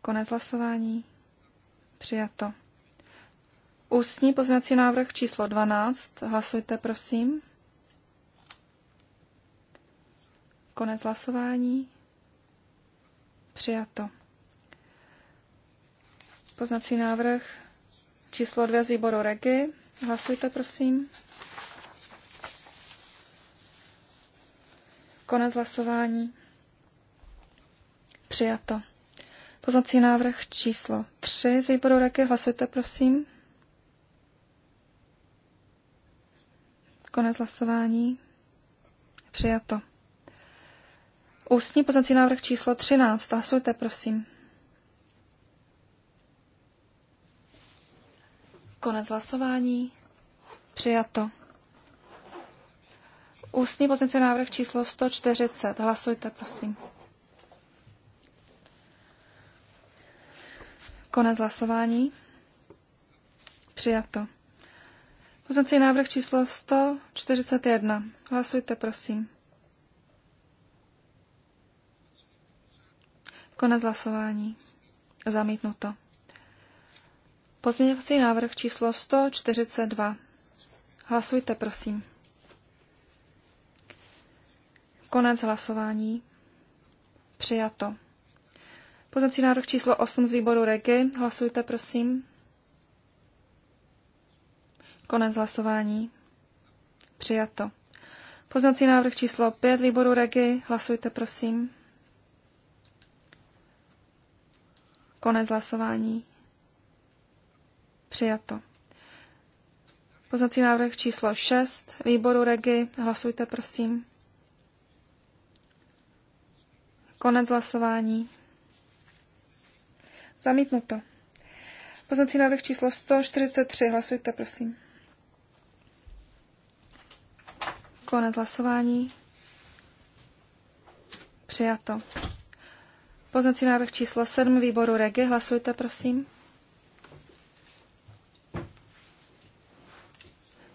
Konec hlasování. Přijato. Ústní poznací návrh číslo 12. Hlasujte, prosím. Konec hlasování. Přijato. Poznací návrh číslo 2 z výboru REGI. Hlasujte, prosím. Konec hlasování. Přijato. Poznací návrh číslo 3 z výboru Reky. Hlasujte, prosím. Konec hlasování. Přijato. Ústní poznací návrh číslo 13. Hlasujte, prosím. Konec hlasování. Přijato. Ústní pozice návrh číslo 140. Hlasujte, prosím. Konec hlasování. Přijato. Pozice návrh číslo 141. Hlasujte, prosím. Konec hlasování. Zamítnuto. Pozměňovací návrh číslo 142. Hlasujte, prosím. Konec hlasování. Přijato. Poznací návrh číslo 8 z výboru Regi. Hlasujte, prosím. Konec hlasování. Přijato. Poznací návrh číslo 5 výboru Regi. Hlasujte, prosím. Konec hlasování. Přijato. Poznací návrh číslo 6 výboru Regi. Hlasujte, prosím. Konec hlasování. Zamítnuto. Poznací návrh číslo 143. Hlasujte, prosím. Konec hlasování. Přijato. Poznací návrh číslo 7 výboru Regi. Hlasujte, prosím.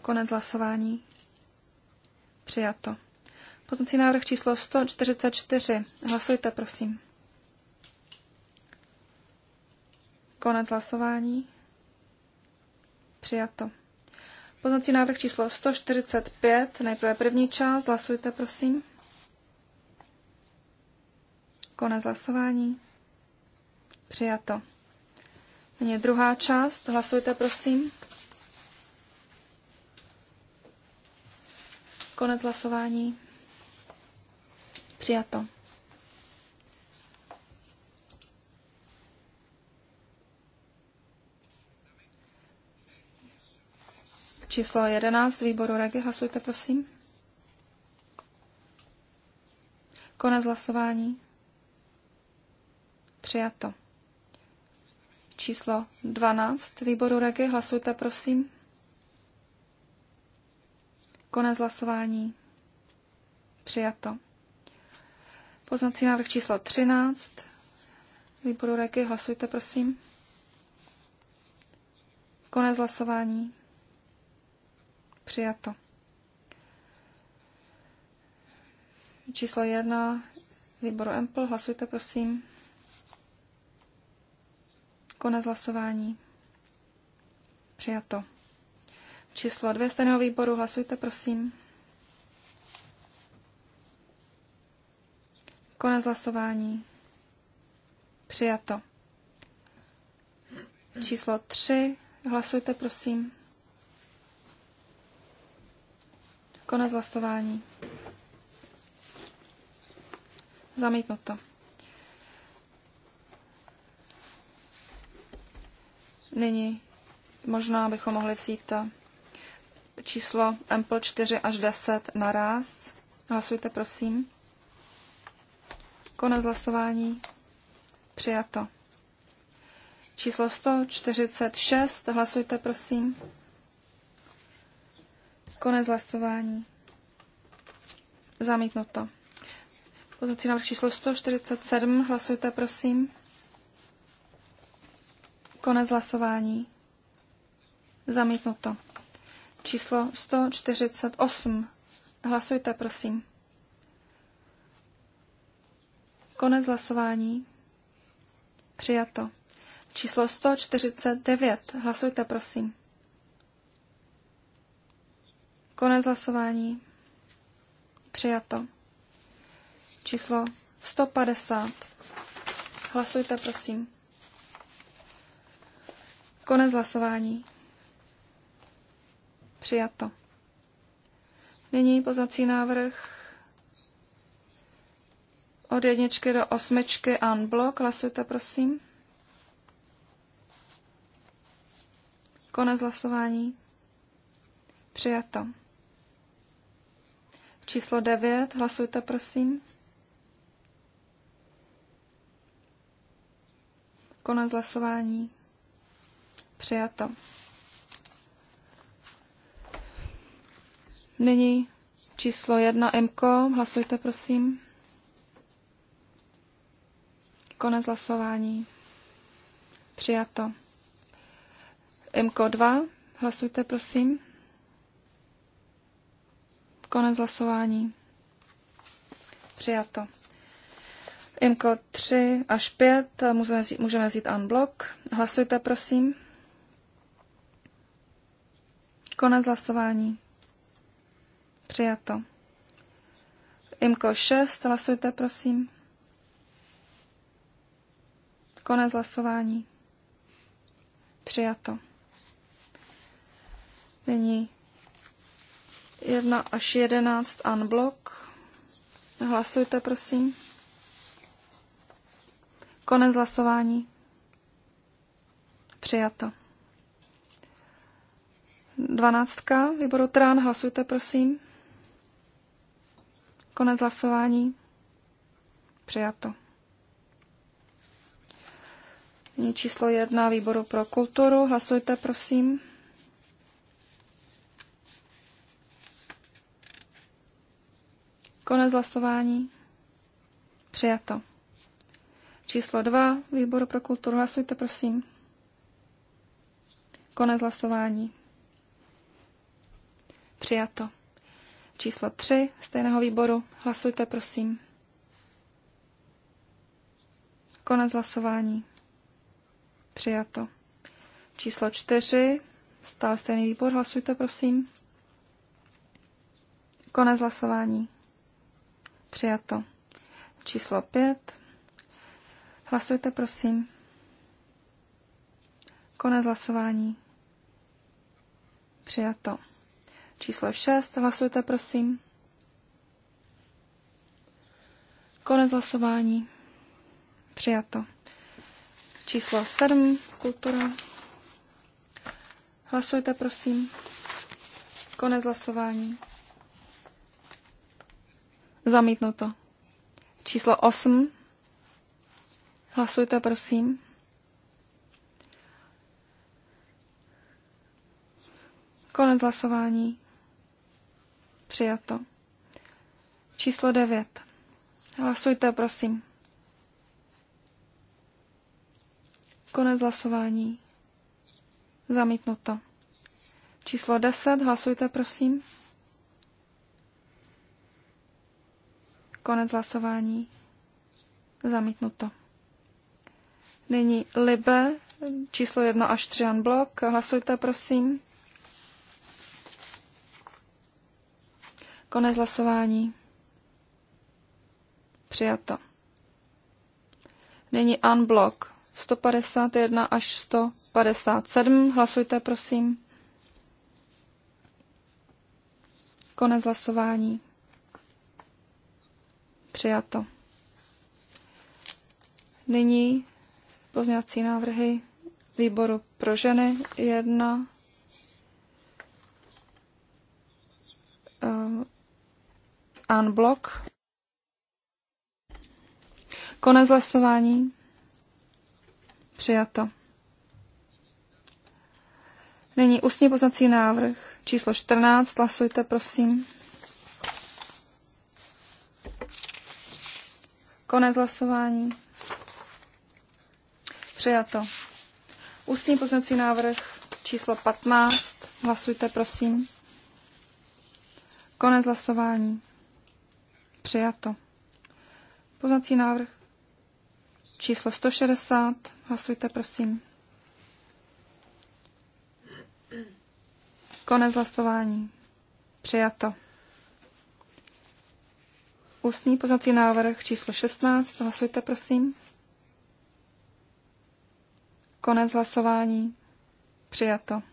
Konec hlasování. Přijato. Poznací návrh číslo 144. Hlasujte, prosím. Konec hlasování. Přijato. Poznací návrh číslo 145. Nejprve první část. Hlasujte, prosím. Konec hlasování. Přijato. Nyní druhá část. Hlasujte, prosím. Konec hlasování. Přijato. Číslo 11 výboru Regi. Hlasujte, prosím. Konec hlasování. Přijato. Číslo 12 výboru Regi. Hlasujte, prosím. Konec hlasování. Přijato. Poznací návrh číslo 13. Výboru Reky, hlasujte, prosím. Konec hlasování. Přijato. Číslo 1. Výboru Empl, hlasujte, prosím. Konec hlasování. Přijato. Číslo 2 stejného výboru, hlasujte, prosím. Konec hlasování. Přijato. Číslo 3. Hlasujte, prosím. Konec hlasování. Zamítnuto. Nyní možná bychom mohli vzít eh, číslo MPL 4 až 10 naraz. Hlasujte, prosím. Konec hlasování. Přijato. Číslo 146. Hlasujte, prosím. Konec hlasování. Zamítnuto. Poznací návrh číslo 147. Hlasujte, prosím. Konec hlasování. Zamítnuto. Číslo 148. Hlasujte, prosím. Konec hlasování. Přijato. Číslo 149. Hlasujte, prosím. Konec hlasování. Přijato. Číslo 150. Hlasujte, prosím. Konec hlasování. Přijato. Nyní poznací návrh od jedničky do osmičky unblock. Hlasujte, prosím. Konec hlasování. Přijato. Číslo 9. Hlasujte, prosím. Konec hlasování. Přijato. Nyní číslo 1 MK. Hlasujte, prosím. Konec hlasování. Přijato. mk 2. Hlasujte, prosím. Konec hlasování. Přijato. mk 3 až 5 můžeme, můžeme vzít unblock. Hlasujte, prosím. Konec hlasování. Přijato. IMKO 6, hlasujte, prosím. Konec hlasování. Přijato. Nyní 1 až 11 unblock. Hlasujte, prosím. Konec hlasování. Přijato. Dvanáctka výboru Trán, hlasujte, prosím. Konec hlasování. Přijato číslo jedna výboru pro kulturu. Hlasujte, prosím. Konec hlasování. Přijato. Číslo dva výboru pro kulturu. Hlasujte, prosím. Konec hlasování. Přijato. Číslo tři stejného výboru. Hlasujte, prosím. Konec hlasování. Přijato. Číslo čtyři. Stále stejný výbor. Hlasujte, prosím. Konec hlasování. Přijato. Číslo pět. Hlasujte, prosím. Konec hlasování. Přijato. Číslo šest. Hlasujte, prosím. Konec hlasování. Přijato. Číslo 7, kultura. Hlasujte, prosím. Konec hlasování. Zamítnuto. Číslo 8. Hlasujte, prosím. Konec hlasování. Přijato. Číslo 9. Hlasujte, prosím. Konec hlasování. Zamítnuto. Číslo 10. Hlasujte, prosím. Konec hlasování. Zamítnuto. Nyní Libe, číslo 1 až 3 blok. Hlasujte, prosím. Konec hlasování. Přijato. Nyní unblock 151 až 157. Hlasujte, prosím. Konec hlasování. Přijato. Nyní pozněcí návrhy výboru pro ženy 1. Um, ehm, unblock. Konec hlasování. Přijato. Nyní ústní poznací návrh číslo 14. Hlasujte, prosím. Konec hlasování. Přijato. Ústní poznací návrh číslo 15. Hlasujte, prosím. Konec hlasování. Přijato. Poznací návrh číslo 160. Hlasujte, prosím. Konec hlasování. Přijato. Ústní poznací návrh číslo 16. Hlasujte, prosím. Konec hlasování. Přijato.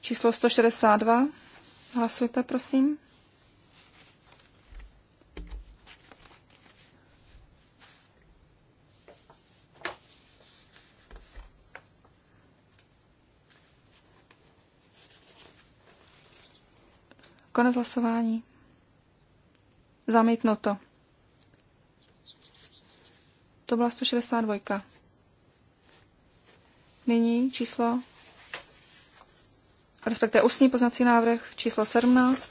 Číslo 162. Hlasujte, prosím. Konec hlasování. to. To byla 162. Nyní číslo, respektive ústní poznací návrh číslo 17.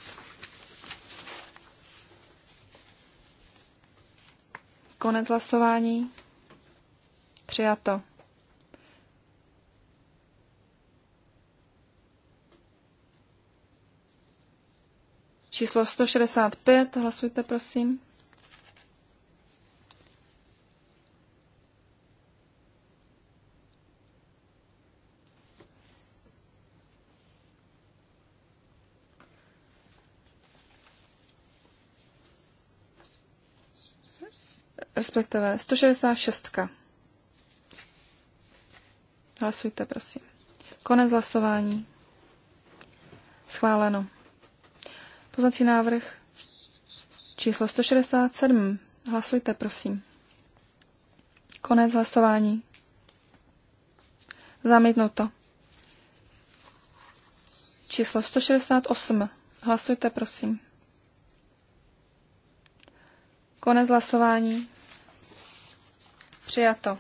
Konec hlasování. Přijato. číslo 165. Hlasujte, prosím. respektive 166. Hlasujte, prosím. Konec hlasování. Schváleno. Poznací návrh číslo 167. Hlasujte, prosím. Konec hlasování. Zamítnuto. Číslo 168. Hlasujte, prosím. Konec hlasování. Přijato.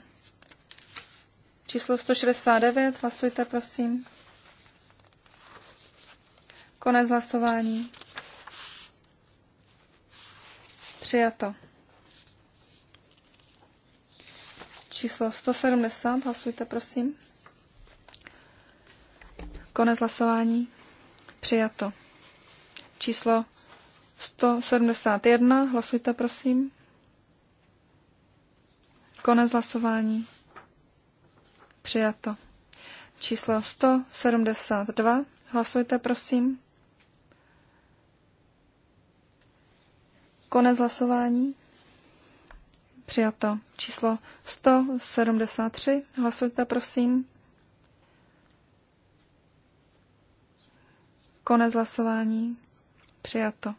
Číslo 169. Hlasujte, prosím. Konec hlasování. Přijato. Číslo 170, hlasujte prosím. Konec hlasování. Přijato. Číslo 171, hlasujte prosím. Konec hlasování. Přijato. Číslo 172, hlasujte prosím. Konec hlasování. Přijato číslo 173. Hlasujte, prosím. Konec hlasování. Přijato.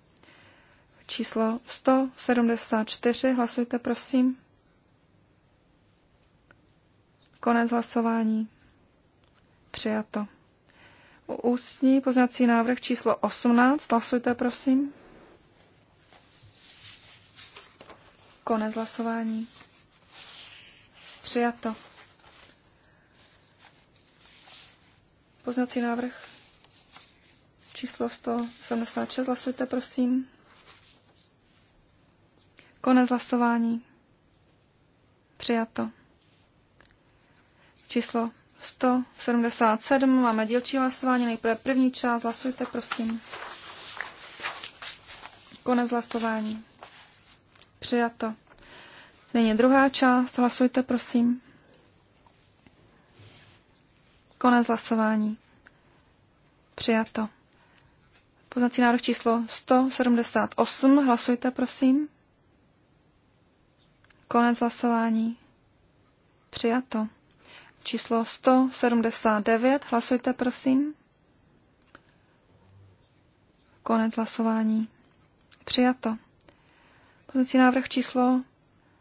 Číslo 174. Hlasujte, prosím. Konec hlasování. Přijato. Ústní poznací návrh číslo 18. Hlasujte, prosím. Konec hlasování. Přijato. Poznací návrh číslo 176. Hlasujte, prosím. Konec hlasování. Přijato. Číslo 177. Máme dílčí hlasování. Nejprve první část. Hlasujte, prosím. Konec hlasování. Přijato. Nyní druhá část. Hlasujte, prosím. Konec hlasování. Přijato. Poznací návrh číslo 178. Hlasujte, prosím. Konec hlasování. Přijato. Číslo 179. Hlasujte, prosím. Konec hlasování. Přijato. Pozici návrh číslo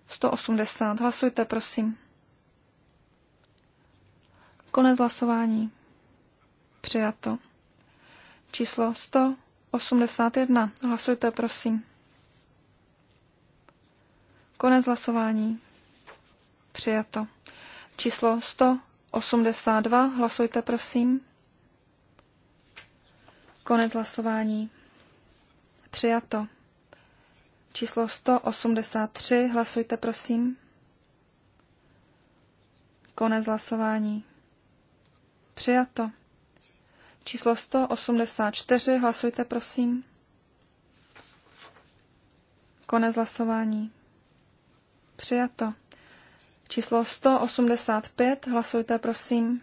180. Hlasujte, prosím. Konec hlasování. Přijato. Číslo 181. Hlasujte, prosím. Konec hlasování. Přijato. Číslo 182. Hlasujte, prosím. Konec hlasování. Přijato číslo 183. Hlasujte, prosím. Konec hlasování. Přijato. Číslo 184. Hlasujte, prosím. Konec hlasování. Přijato. Číslo 185. Hlasujte, prosím.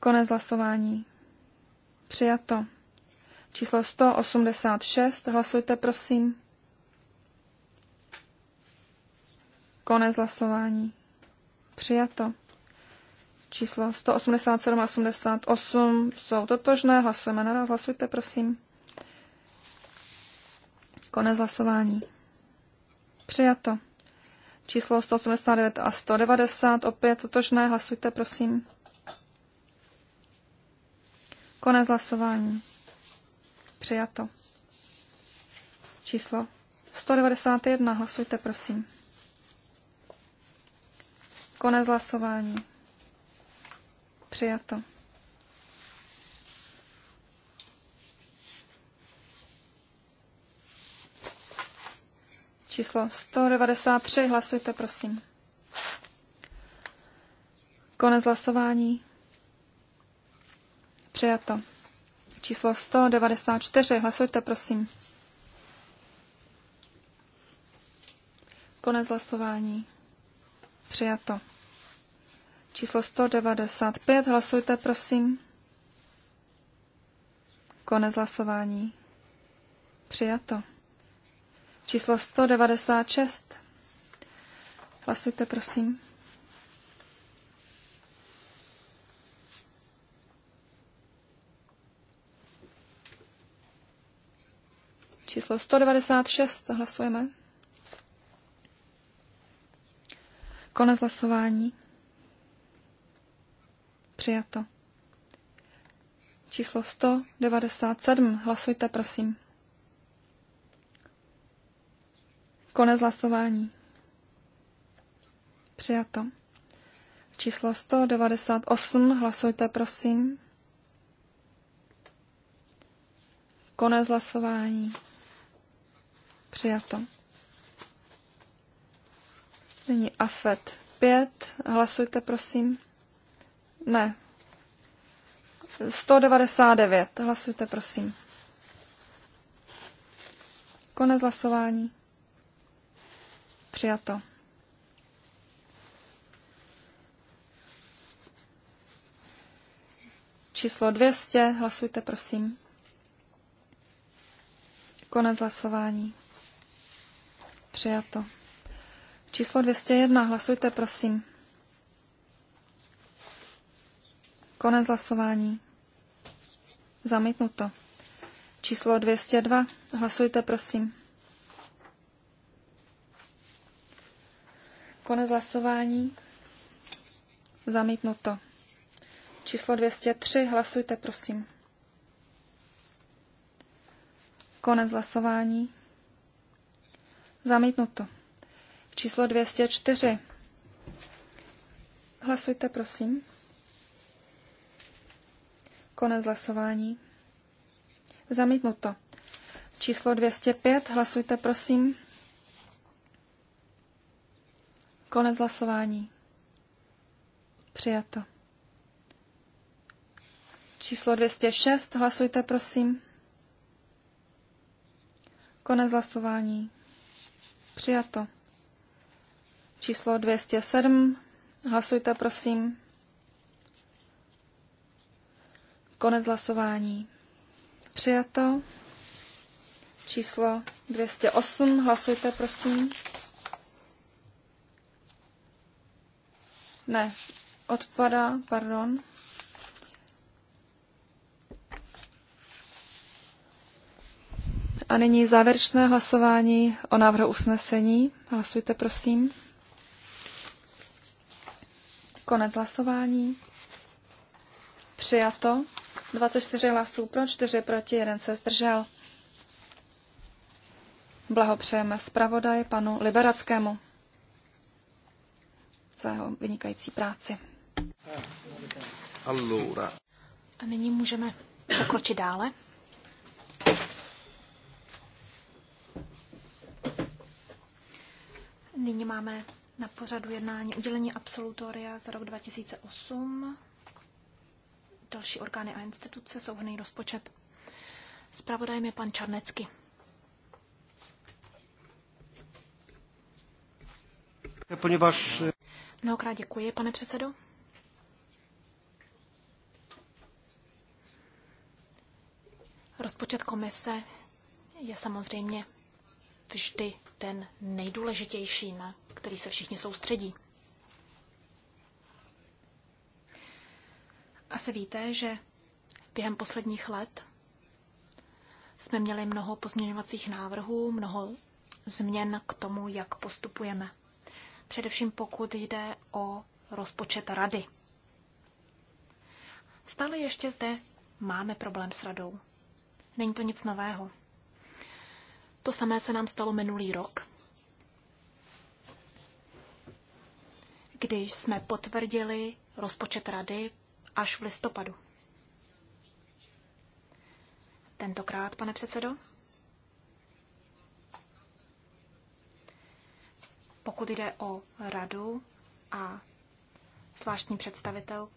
Konec hlasování. Přijato číslo 186. Hlasujte, prosím. Konec hlasování. Přijato. Číslo 187 a 88 jsou totožné. Hlasujeme naraz. Hlasujte, prosím. Konec hlasování. Přijato. Číslo 189 a 190 opět totožné. Hlasujte, prosím. Konec hlasování. Přijato. Číslo 191. Hlasujte, prosím. Konec hlasování. Přijato. Číslo 193. Hlasujte, prosím. Konec hlasování. Přijato číslo 194. Hlasujte, prosím. Konec hlasování. Přijato. Číslo 195. Hlasujte, prosím. Konec hlasování. Přijato. Číslo 196. Hlasujte, prosím. číslo 196. Hlasujeme. Konec hlasování. Přijato. Číslo 197. Hlasujte, prosím. Konec hlasování. Přijato. Číslo 198. Hlasujte, prosím. Konec hlasování. Přijato. Nyní AFET 5. Hlasujte, prosím. Ne. 199. Hlasujte, prosím. Konec hlasování. Přijato. Číslo 200. Hlasujte, prosím. Konec hlasování. Přijato. Číslo 201. Hlasujte, prosím. Konec hlasování. Zamítnuto. Číslo 202. Hlasujte, prosím. Konec hlasování. Zamítnuto. Číslo 203. Hlasujte, prosím. Konec hlasování. Zamítnuto. Číslo 204. Hlasujte, prosím. Konec hlasování. Zamítnuto. Číslo 205. Hlasujte, prosím. Konec hlasování. Přijato. Číslo 206. Hlasujte, prosím. Konec hlasování. Přijato. Číslo 207. Hlasujte, prosím. Konec hlasování. Přijato. Číslo 208. Hlasujte, prosím. Ne, odpada, pardon. A nyní závěrečné hlasování o návrhu usnesení. Hlasujte, prosím. Konec hlasování. Přijato. 24 hlasů pro, 4 proti, 1 se zdržel. Blahopřejeme zpravodaj panu Liberackému za jeho vynikající práci. A nyní můžeme pokročit dále. Nyní máme na pořadu jednání udělení absolutoria za rok 2008. Další orgány a instituce, souhrný rozpočet. Spravodajem je pan Čarnecky. Poněvadž... Mnohokrát děkuji, pane předsedo. Rozpočet komise je samozřejmě vždy ten nejdůležitější, na který se všichni soustředí. Asi víte, že během posledních let jsme měli mnoho pozměňovacích návrhů, mnoho změn k tomu, jak postupujeme. Především pokud jde o rozpočet rady. Stále ještě zde máme problém s radou. Není to nic nového. To samé se nám stalo minulý rok, když jsme potvrdili rozpočet rady až v listopadu. Tentokrát, pane předsedo? Pokud jde o radu a zvláštní představitel,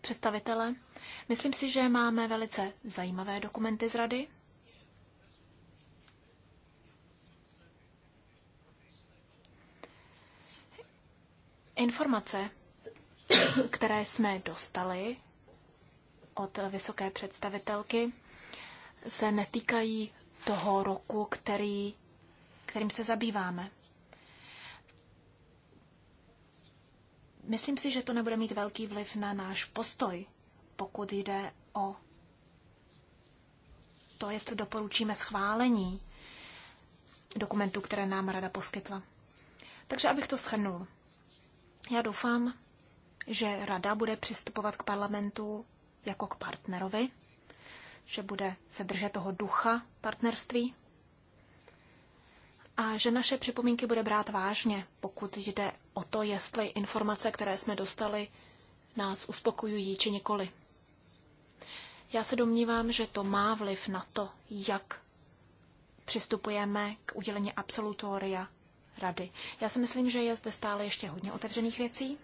představitele, myslím si, že máme velice zajímavé dokumenty z rady. Informace, které jsme dostali od vysoké představitelky, se netýkají toho roku, který, kterým se zabýváme. Myslím si, že to nebude mít velký vliv na náš postoj, pokud jde o to, jestli doporučíme schválení dokumentů, které nám rada poskytla. Takže abych to shrnul. Já doufám, že Rada bude přistupovat k parlamentu jako k partnerovi, že bude se držet toho ducha partnerství a že naše připomínky bude brát vážně, pokud jde o to, jestli informace, které jsme dostali, nás uspokojují či nikoli. Já se domnívám, že to má vliv na to, jak přistupujeme k udělení absolutoria rady. Já si myslím, že je zde stále ještě hodně otevřených věcí.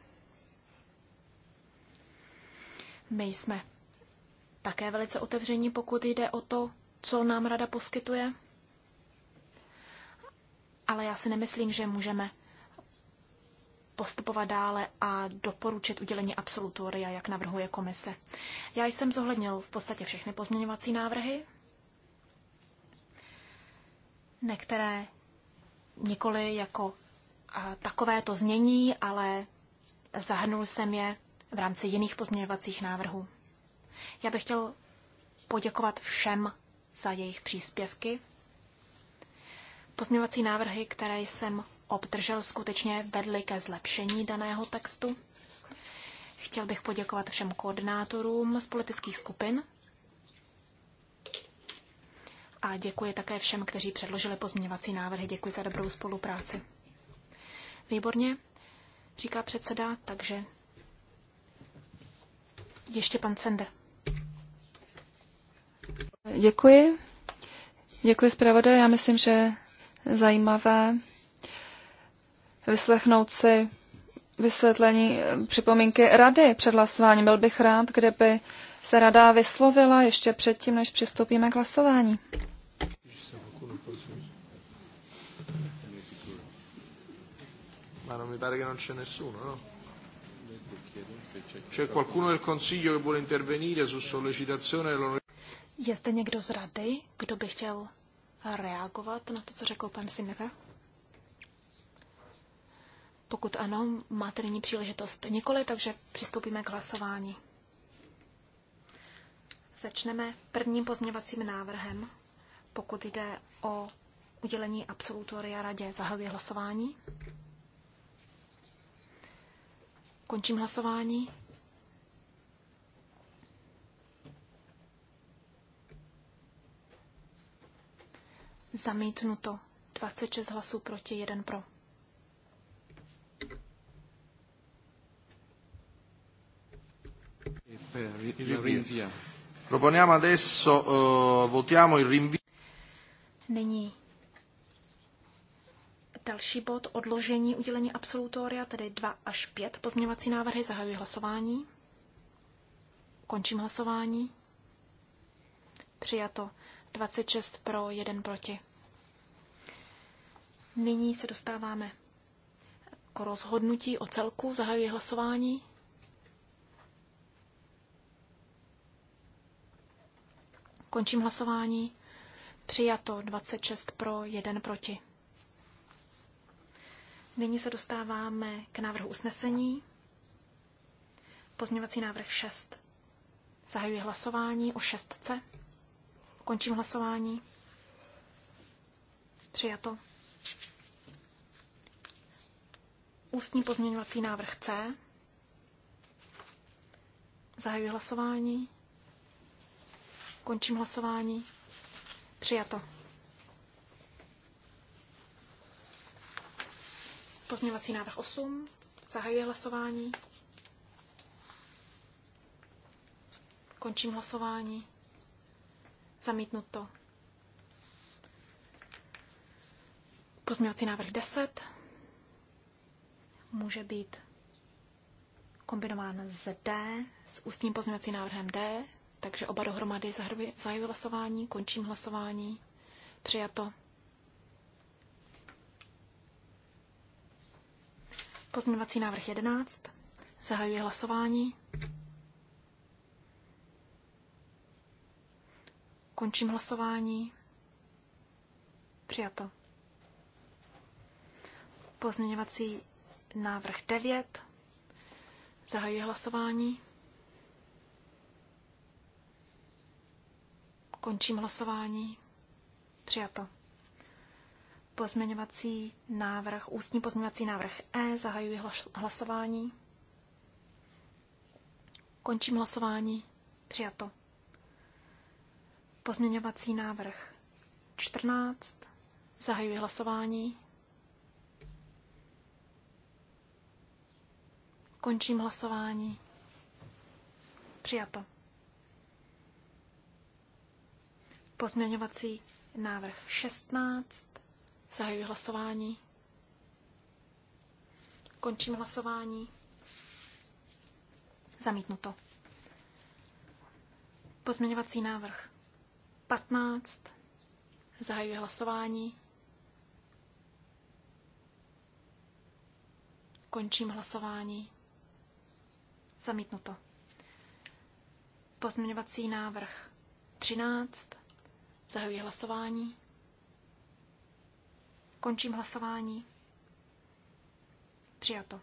My jsme také velice otevření, pokud jde o to, co nám rada poskytuje. Ale já si nemyslím, že můžeme postupovat dále a doporučit udělení absolutoria, jak navrhuje komise. Já jsem zohlednil v podstatě všechny pozměňovací návrhy. Některé nikoli jako takovéto znění, ale zahrnul jsem je v rámci jiných pozměňovacích návrhů. Já bych chtěl poděkovat všem za jejich příspěvky. Pozměňovací návrhy, které jsem obdržel, skutečně vedly ke zlepšení daného textu. Chtěl bych poděkovat všem koordinátorům z politických skupin, a děkuji také všem, kteří předložili pozměňovací návrhy. Děkuji za dobrou spolupráci. Výborně, říká předseda, takže ještě pan Sender. Děkuji. Děkuji zpravodaj. Já myslím, že zajímavé vyslechnout si vysvětlení připomínky rady před hlasováním. Byl bych rád, kdyby se rada vyslovila ještě předtím, než přistoupíme k hlasování. Ma non mi pare che non c'è nessuno, no? C'è qualcuno del Consiglio che vuole intervenire su sollecitazione dell'onorevole? Je zde někdo z rady, kdo by chtěl reagovat na to, co řekl pan Simeka? Pokud ano, máte nyní příležitost nikoli, takže přistoupíme k hlasování. Začneme prvním pozměvacím návrhem, pokud jde o udělení absolutoria radě. Zahajuji hlasování. Končím hlasování. Zamítnuto. 26 hlasů proti, 1 pro. Proponiamo adesso, uh, votiamo il rinvio. Další bod odložení udělení absolutoria, tedy 2 až 5 pozměňovací návrhy. Zahajuji hlasování. Končím hlasování. Přijato 26 pro, 1 proti. Nyní se dostáváme k rozhodnutí o celku. Zahajuji hlasování. Končím hlasování. Přijato 26 pro, 1 proti. Nyní se dostáváme k návrhu usnesení. Pozměňovací návrh 6. Zahajuji hlasování o šestce. Končím hlasování. Přijato. Ústní pozměňovací návrh C. Zahajuji hlasování. Končím hlasování. Přijato. Pozměňovací návrh 8. Zahajuji hlasování. Končím hlasování. Zamítnuto. Pozměňovací návrh 10 může být kombinován s D, s ústním pozměňovacím návrhem D, takže oba dohromady zahajuji hlasování, končím hlasování, přijato. Pozměňovací návrh 11. Zahajuji hlasování. Končím hlasování. Přijato. Pozměňovací návrh 9. Zahajuji hlasování. Končím hlasování. Přijato. Pozměňovací návrh, ústní pozměňovací návrh E, zahajuji hlasování. Končím hlasování. Přijato. Pozměňovací návrh 14. Zahajuji hlasování. Končím hlasování. Přijato. Pozměňovací návrh 16. Zahajuji hlasování. Končím hlasování. Zamítnuto. Pozměňovací návrh 15. Zahajuji hlasování. Končím hlasování. Zamítnuto. Pozměňovací návrh 13. Zahajuji hlasování. Končím hlasování. Přijato.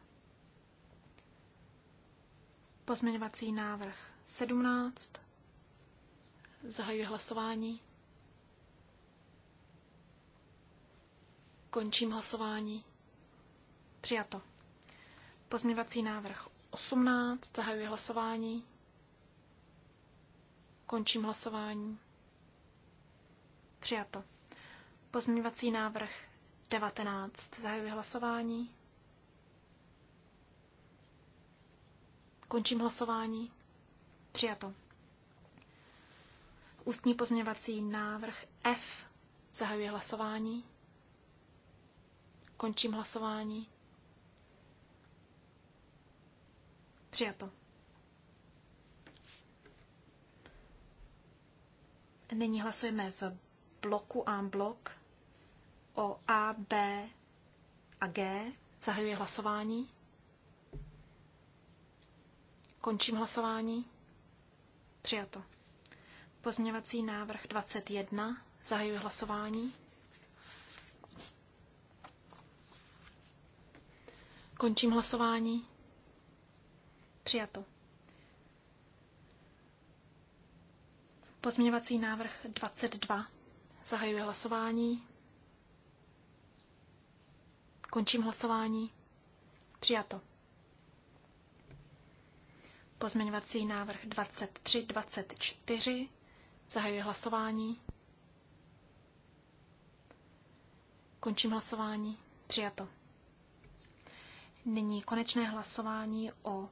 Pozměňovací návrh 17. Zahajuji hlasování. Končím hlasování. Přijato. Pozměňovací návrh 18. Zahajuji hlasování. Končím hlasování. Přijato. Pozměňovací návrh 19. Zahajuji hlasování. Končím hlasování. Přijato. Ústní pozměňovací návrh F. Zahajuji hlasování. Končím hlasování. Přijato. Nyní hlasujeme v bloku a blok o A, B a G. Zahajuji hlasování. Končím hlasování. Přijato. Pozměňovací návrh 21. Zahajuji hlasování. Končím hlasování. Přijato. Pozměňovací návrh 22. Zahajuji hlasování. Končím hlasování. Přijato. Pozměňovací návrh 23, 24. Zahajuji hlasování. Končím hlasování. Přijato. Nyní konečné hlasování o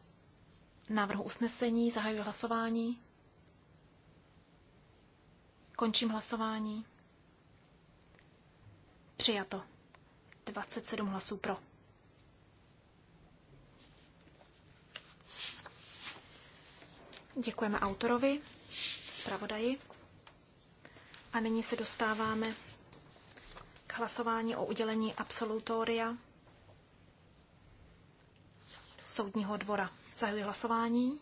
návrhu usnesení. Zahajuji hlasování. Končím hlasování. Přijato. 27 hlasů pro. Děkujeme autorovi, zpravodaji. A nyní se dostáváme k hlasování o udělení absolutoria soudního dvora. Zahajuji hlasování.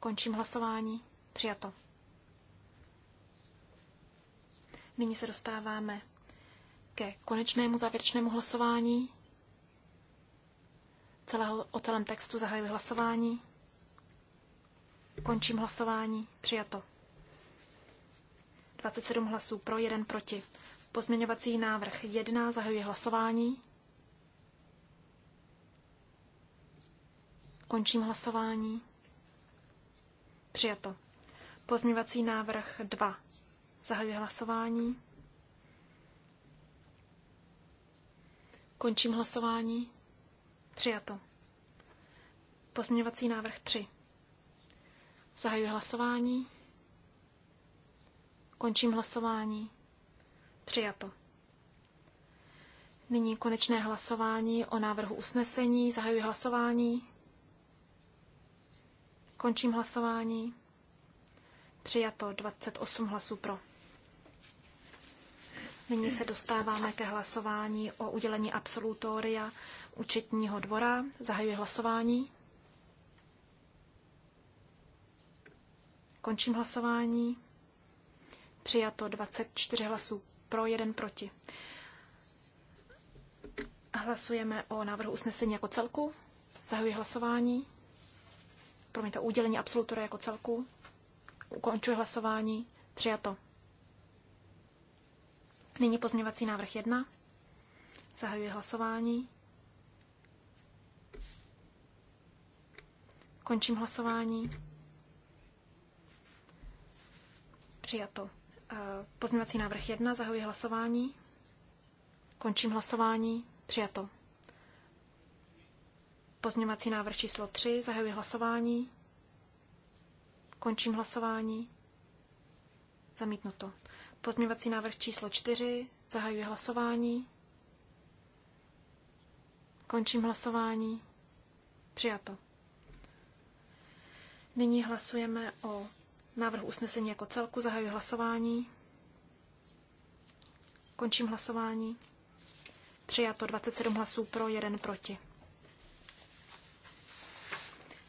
Končím hlasování. Přijato. Nyní se dostáváme ke konečnému závěrečnému hlasování. Celého, o celém textu zahajuji hlasování. Končím hlasování. Přijato. 27 hlasů pro, 1 proti. Pozměňovací návrh 1 Zahajuji hlasování. Končím hlasování. Přijato. Pozměňovací návrh 2 Zahajuji hlasování. Končím hlasování. Přijato. Pozměňovací návrh 3. Zahajuji hlasování. Končím hlasování. Přijato. Nyní konečné hlasování o návrhu usnesení. Zahajuji hlasování. Končím hlasování. Přijato 28 hlasů pro. Nyní se dostáváme ke hlasování o udělení absolutoria účetního dvora. Zahajuji hlasování. Končím hlasování. Přijato 24 hlasů pro, 1 proti. Hlasujeme o návrhu usnesení jako celku. Zahajuji hlasování. Promiňte, udělení absolutoria jako celku. Ukončuji hlasování. Přijato. Nyní pozměňovací návrh 1. Zahajuji hlasování. Končím hlasování. Přijato. Eh, pozměňovací návrh 1. Zahajuji hlasování. Končím hlasování. Přijato. Pozměňovací návrh číslo 3. Zahajuji hlasování. Končím hlasování. Zamítnuto. Pozměvací návrh číslo 4. Zahajuji hlasování. Končím hlasování. Přijato. Nyní hlasujeme o návrhu usnesení jako celku. Zahajuji hlasování. Končím hlasování. Přijato 27 hlasů pro, 1 proti.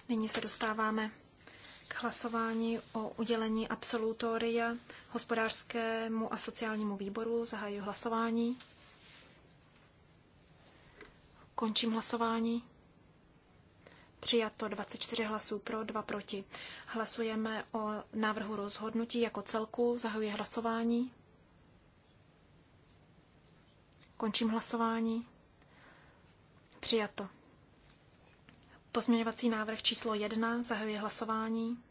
Nyní se dostáváme hlasování o udělení absolutoria hospodářskému a sociálnímu výboru. Zahajuji hlasování. Končím hlasování. Přijato 24 hlasů pro, 2 proti. Hlasujeme o návrhu rozhodnutí jako celku. Zahajuji hlasování. Končím hlasování. Přijato. Pozměňovací návrh číslo 1 zahajuje hlasování.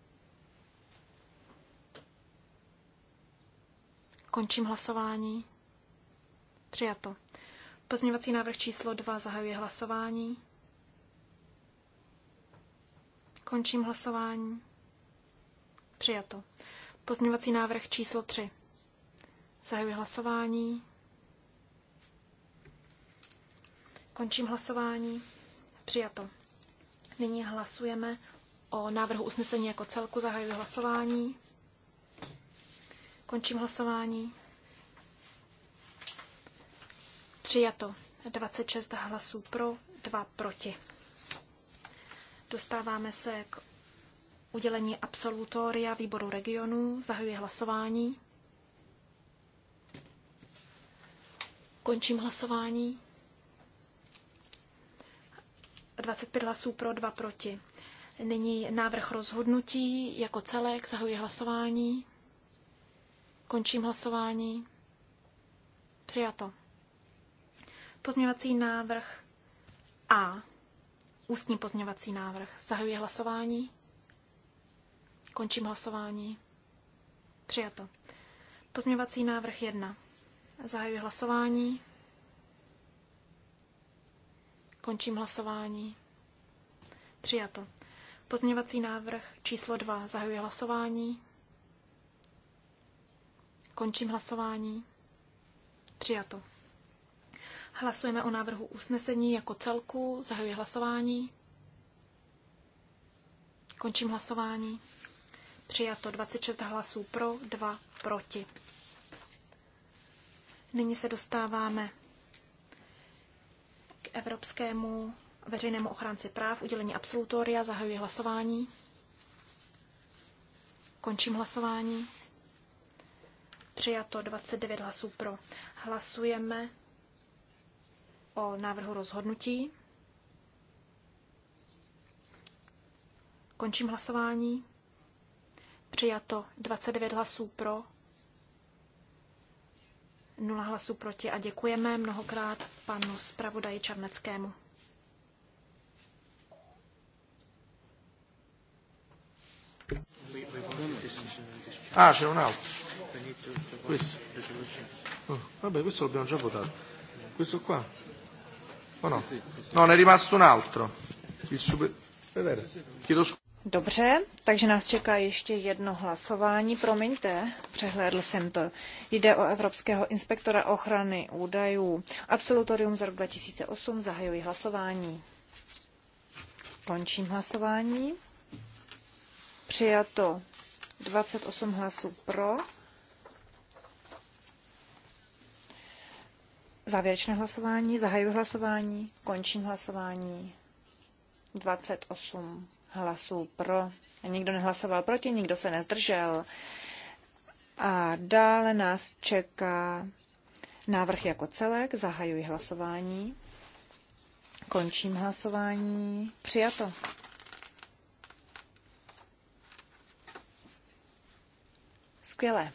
Končím hlasování. Přijato. Pozměňovací návrh číslo 2 zahajuje hlasování. Končím hlasování. Přijato. Pozměňovací návrh číslo 3. Zahajuji hlasování. Končím hlasování. Přijato. Nyní hlasujeme o návrhu usnesení jako celku. Zahajuji hlasování. Končím hlasování. Přijato 26 hlasů pro, 2 proti. Dostáváme se k udělení absolutoria výboru regionů. Zahajuji hlasování. Končím hlasování. 25 hlasů pro, 2 proti. Nyní návrh rozhodnutí jako celek, zahuji hlasování, končím hlasování. Přijato. Pozměňovací návrh A. Ústní pozměňovací návrh. zahuji hlasování. Končím hlasování. Přijato. Pozměňovací návrh 1. Zahajuji hlasování. Končím hlasování. Přijato. Pozměňovací návrh číslo 2. Zahajuji hlasování. Končím hlasování. Přijato. Hlasujeme o návrhu usnesení jako celku. Zahajuji hlasování. Končím hlasování. Přijato 26 hlasů pro, 2 proti. Nyní se dostáváme Evropskému veřejnému ochránci práv, udělení absolutoria, zahajuji hlasování. Končím hlasování. Přijato 29 hlasů pro. Hlasujeme o návrhu rozhodnutí. Končím hlasování. Přijato 29 hlasů pro, Nula hlasů proti a děkujeme mnohokrát panu zpravodaji Černeckému. Ah, c'è un altro. Questo. Oh, vabbè, questo l'abbiamo già votato. Questo qua. O no? No, ne è rimasto un altro. Il super... Chiedo scusa. Dobře, takže nás čeká ještě jedno hlasování. Promiňte, přehlédl jsem to. Jde o Evropského inspektora ochrany údajů. Absolutorium za rok 2008. Zahajuji hlasování. Končím hlasování. Přijato 28 hlasů pro. Závěrečné hlasování, zahajuji hlasování, končím hlasování. 28 hlasů pro. Nikdo nehlasoval proti, nikdo se nezdržel. A dále nás čeká návrh jako celek. Zahajuji hlasování. Končím hlasování. Přijato. Skvělé.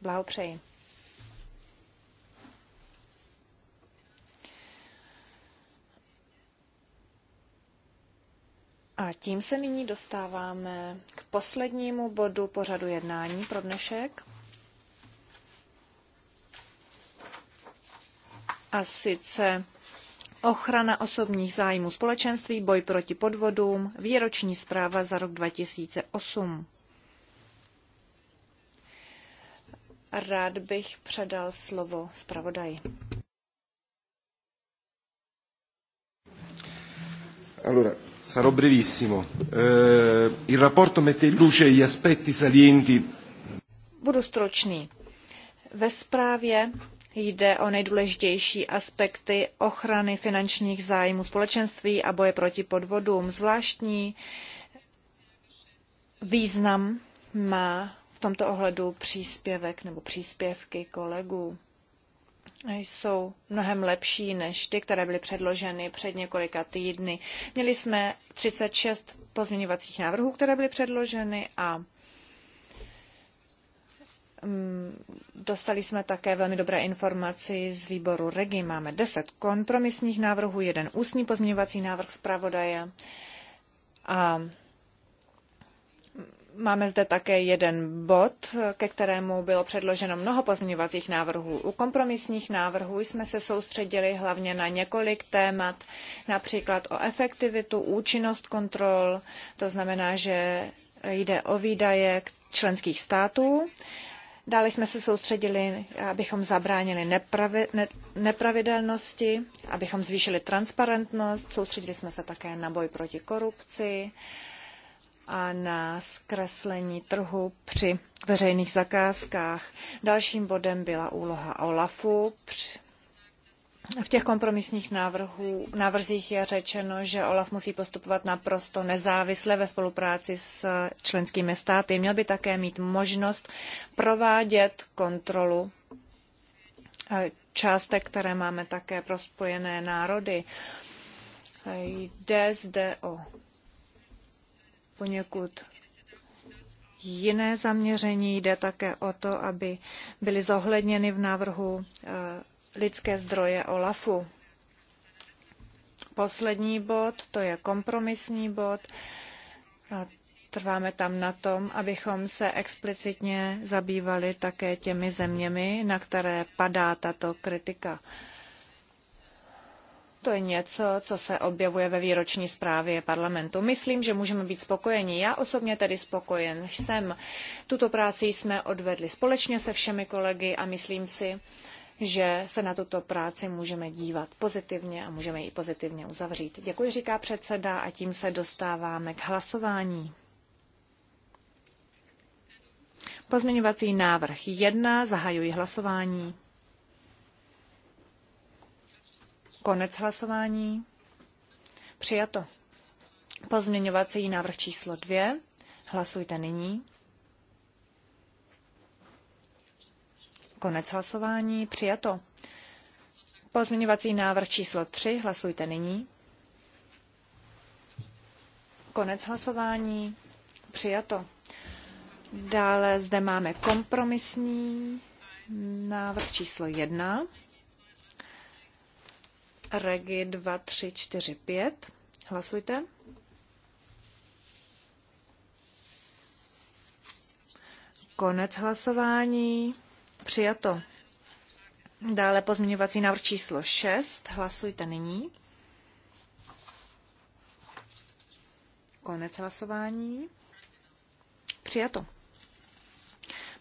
Blahopřeji. A tím se nyní dostáváme k poslednímu bodu pořadu jednání pro dnešek. A sice ochrana osobních zájmů společenství, boj proti podvodům, výroční zpráva za rok 2008. Rád bych předal slovo zpravodaji. Allora, Sarò brevissimo. Eh, il rapporto mette in luce gli aspetti salienti. Budu stročný. Ve zprávě jde o nejdůležitější aspekty ochrany finančních zájmů společenství a boje proti podvodům. Zvláštní význam má v tomto ohledu příspěvek nebo příspěvky kolegů jsou mnohem lepší než ty, které byly předloženy před několika týdny. Měli jsme 36 pozměňovacích návrhů, které byly předloženy a mm, dostali jsme také velmi dobré informaci z výboru REGI. Máme 10 kompromisních návrhů, jeden ústní pozměňovací návrh zpravodaje a Máme zde také jeden bod, ke kterému bylo předloženo mnoho pozměňovacích návrhů. U kompromisních návrhů jsme se soustředili hlavně na několik témat, například o efektivitu, účinnost kontrol, to znamená, že jde o výdaje členských států. Dále jsme se soustředili, abychom zabránili nepravi, ne, nepravidelnosti, abychom zvýšili transparentnost, soustředili jsme se také na boj proti korupci, a na zkreslení trhu při veřejných zakázkách. Dalším bodem byla úloha OLAFu. V těch kompromisních návrhů, návrzích je řečeno, že OLAF musí postupovat naprosto nezávisle ve spolupráci s členskými státy. Měl by také mít možnost provádět kontrolu eh, částek, které máme také pro spojené národy. Eh, jde zde o poněkud jiné zaměření. Jde také o to, aby byly zohledněny v návrhu eh, lidské zdroje OLAFu. Poslední bod, to je kompromisní bod. Trváme tam na tom, abychom se explicitně zabývali také těmi zeměmi, na které padá tato kritika. To je něco, co se objevuje ve výroční zprávě parlamentu. Myslím, že můžeme být spokojeni. Já osobně tedy spokojen jsem. Tuto práci jsme odvedli společně se všemi kolegy a myslím si, že se na tuto práci můžeme dívat pozitivně a můžeme ji pozitivně uzavřít. Děkuji, říká předseda, a tím se dostáváme k hlasování. Pozměňovací návrh 1. Zahajuji hlasování. Konec hlasování. Přijato. Pozměňovací návrh číslo 2. Hlasujte nyní. Konec hlasování. Přijato. Pozměňovací návrh číslo 3. Hlasujte nyní. Konec hlasování. Přijato. Dále zde máme kompromisní návrh číslo 1. Regi 2, 3, 4, 5. Hlasujte. Konec hlasování. Přijato. Dále pozměňovací návrh číslo 6. Hlasujte nyní. Konec hlasování. Přijato.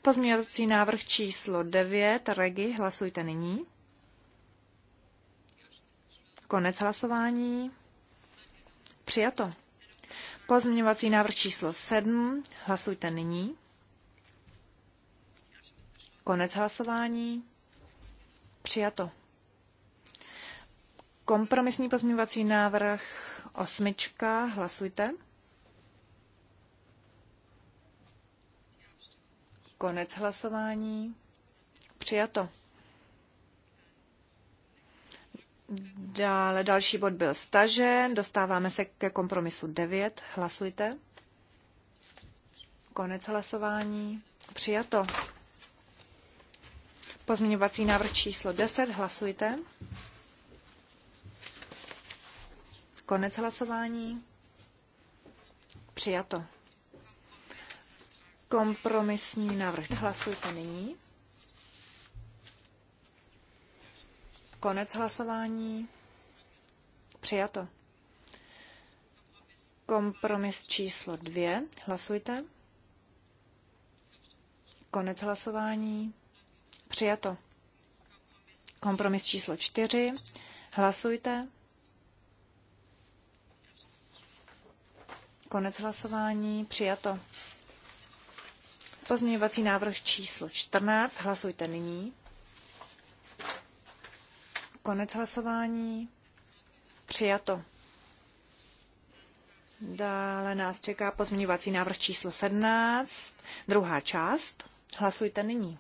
Pozměňovací návrh číslo 9. Regi. Hlasujte nyní. Konec hlasování. Přijato. Pozměňovací návrh číslo 7. Hlasujte nyní. Konec hlasování. Přijato. Kompromisní pozměňovací návrh osmička. Hlasujte. Konec hlasování. Přijato. Dále další bod byl stažen. Dostáváme se ke kompromisu 9. Hlasujte. Konec hlasování. Přijato. Pozměňovací návrh číslo 10. Hlasujte. Konec hlasování. Přijato. Kompromisní návrh. Hlasujte nyní. Konec hlasování. Přijato. Kompromis číslo dvě. Hlasujte. Konec hlasování. Přijato. Kompromis číslo čtyři. Hlasujte. Konec hlasování. Přijato. Pozměňovací návrh číslo 14. Hlasujte nyní. Konec hlasování. Přijato. Dále nás čeká pozměňovací návrh číslo 17, druhá část. Hlasujte nyní.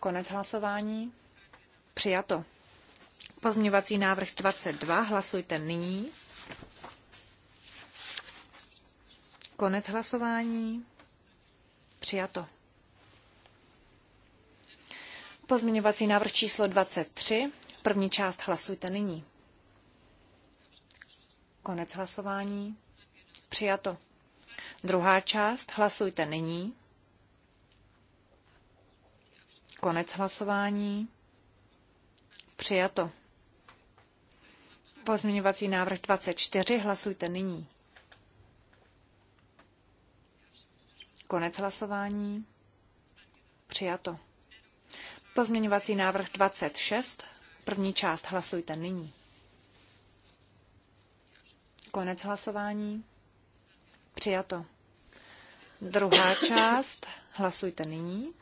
Konec hlasování. Přijato. Pozměňovací návrh 22. Hlasujte nyní. Konec hlasování. Přijato. Pozměňovací návrh číslo 23. První část hlasujte nyní. Konec hlasování. Přijato. Druhá část hlasujte nyní. Konec hlasování. Přijato. Pozměňovací návrh 24 hlasujte nyní. Konec hlasování. Přijato. Pozměňovací návrh 26. První část hlasujte nyní. Konec hlasování. Přijato. Druhá část hlasujte nyní.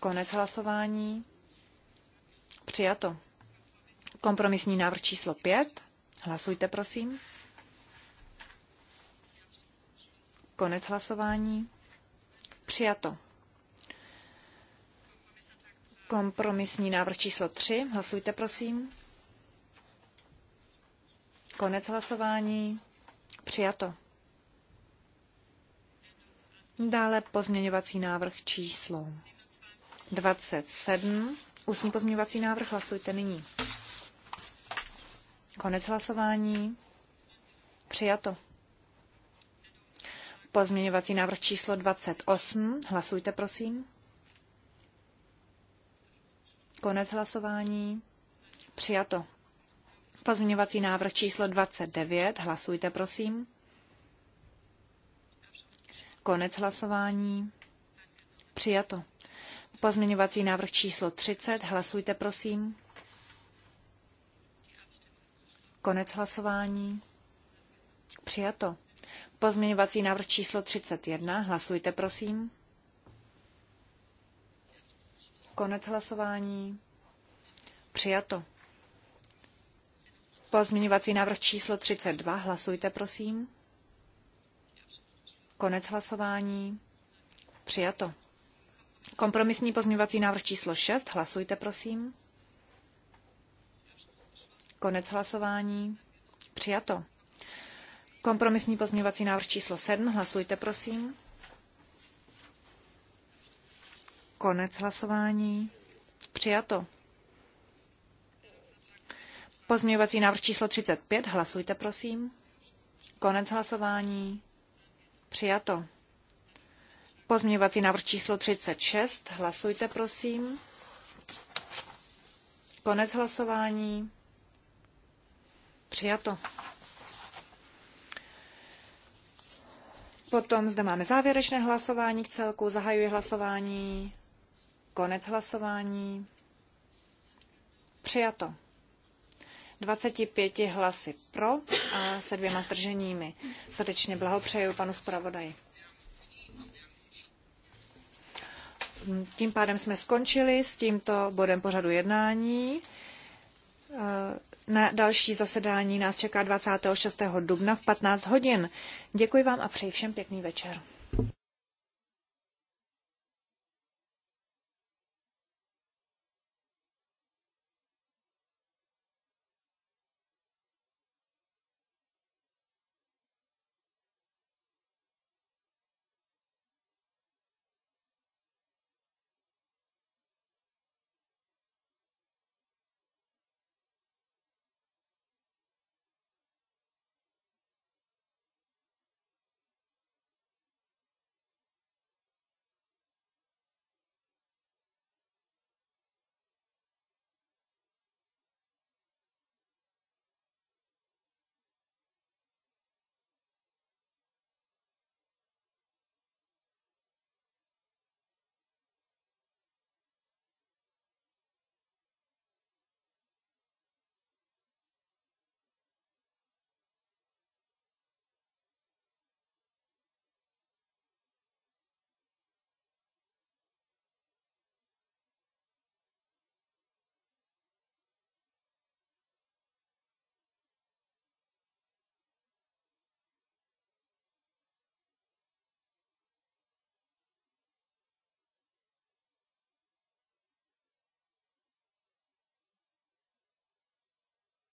Konec hlasování. Přijato. Kompromisní návrh číslo 5. Hlasujte, prosím. Konec hlasování. Přijato. Kompromisní návrh číslo 3. Hlasujte, prosím. Konec hlasování. Přijato. Dále pozměňovací návrh číslo 27. Ústní pozměňovací návrh hlasujte nyní. Konec hlasování. Přijato. Pozměňovací návrh číslo 28. Hlasujte, prosím. Konec hlasování. Přijato. Pozměňovací návrh číslo 29. Hlasujte, prosím. Konec hlasování. Přijato. Pozměňovací návrh číslo 30. Hlasujte, prosím. Konec hlasování. Přijato. Pozměňovací návrh číslo 31. Hlasujte, prosím. Konec hlasování. Přijato. Pozměňovací návrh číslo 32. Hlasujte, prosím. Konec hlasování. Přijato. Kompromisní pozměňovací návrh číslo 6. Hlasujte, prosím. Konec hlasování. Přijato. Kompromisní pozměňovací návrh číslo 7. Hlasujte, prosím. Konec hlasování. Přijato. Pozměňovací návrh číslo 35. Hlasujte, prosím. Konec hlasování. Přijato. Pozměňovací návrh číslo 36. Hlasujte, prosím. Konec hlasování. Přijato. Potom zde máme závěrečné hlasování k celku. Zahajuji hlasování. Konec hlasování. Přijato. 25 hlasy pro a se dvěma zdrženími. Srdečně blahopřeju panu zpravodaji. Tím pádem jsme skončili s tímto bodem pořadu jednání. Eh, na další zasedání nás čeká 26. dubna v 15 hodin. Děkuji vám a přeji všem pěkný večer.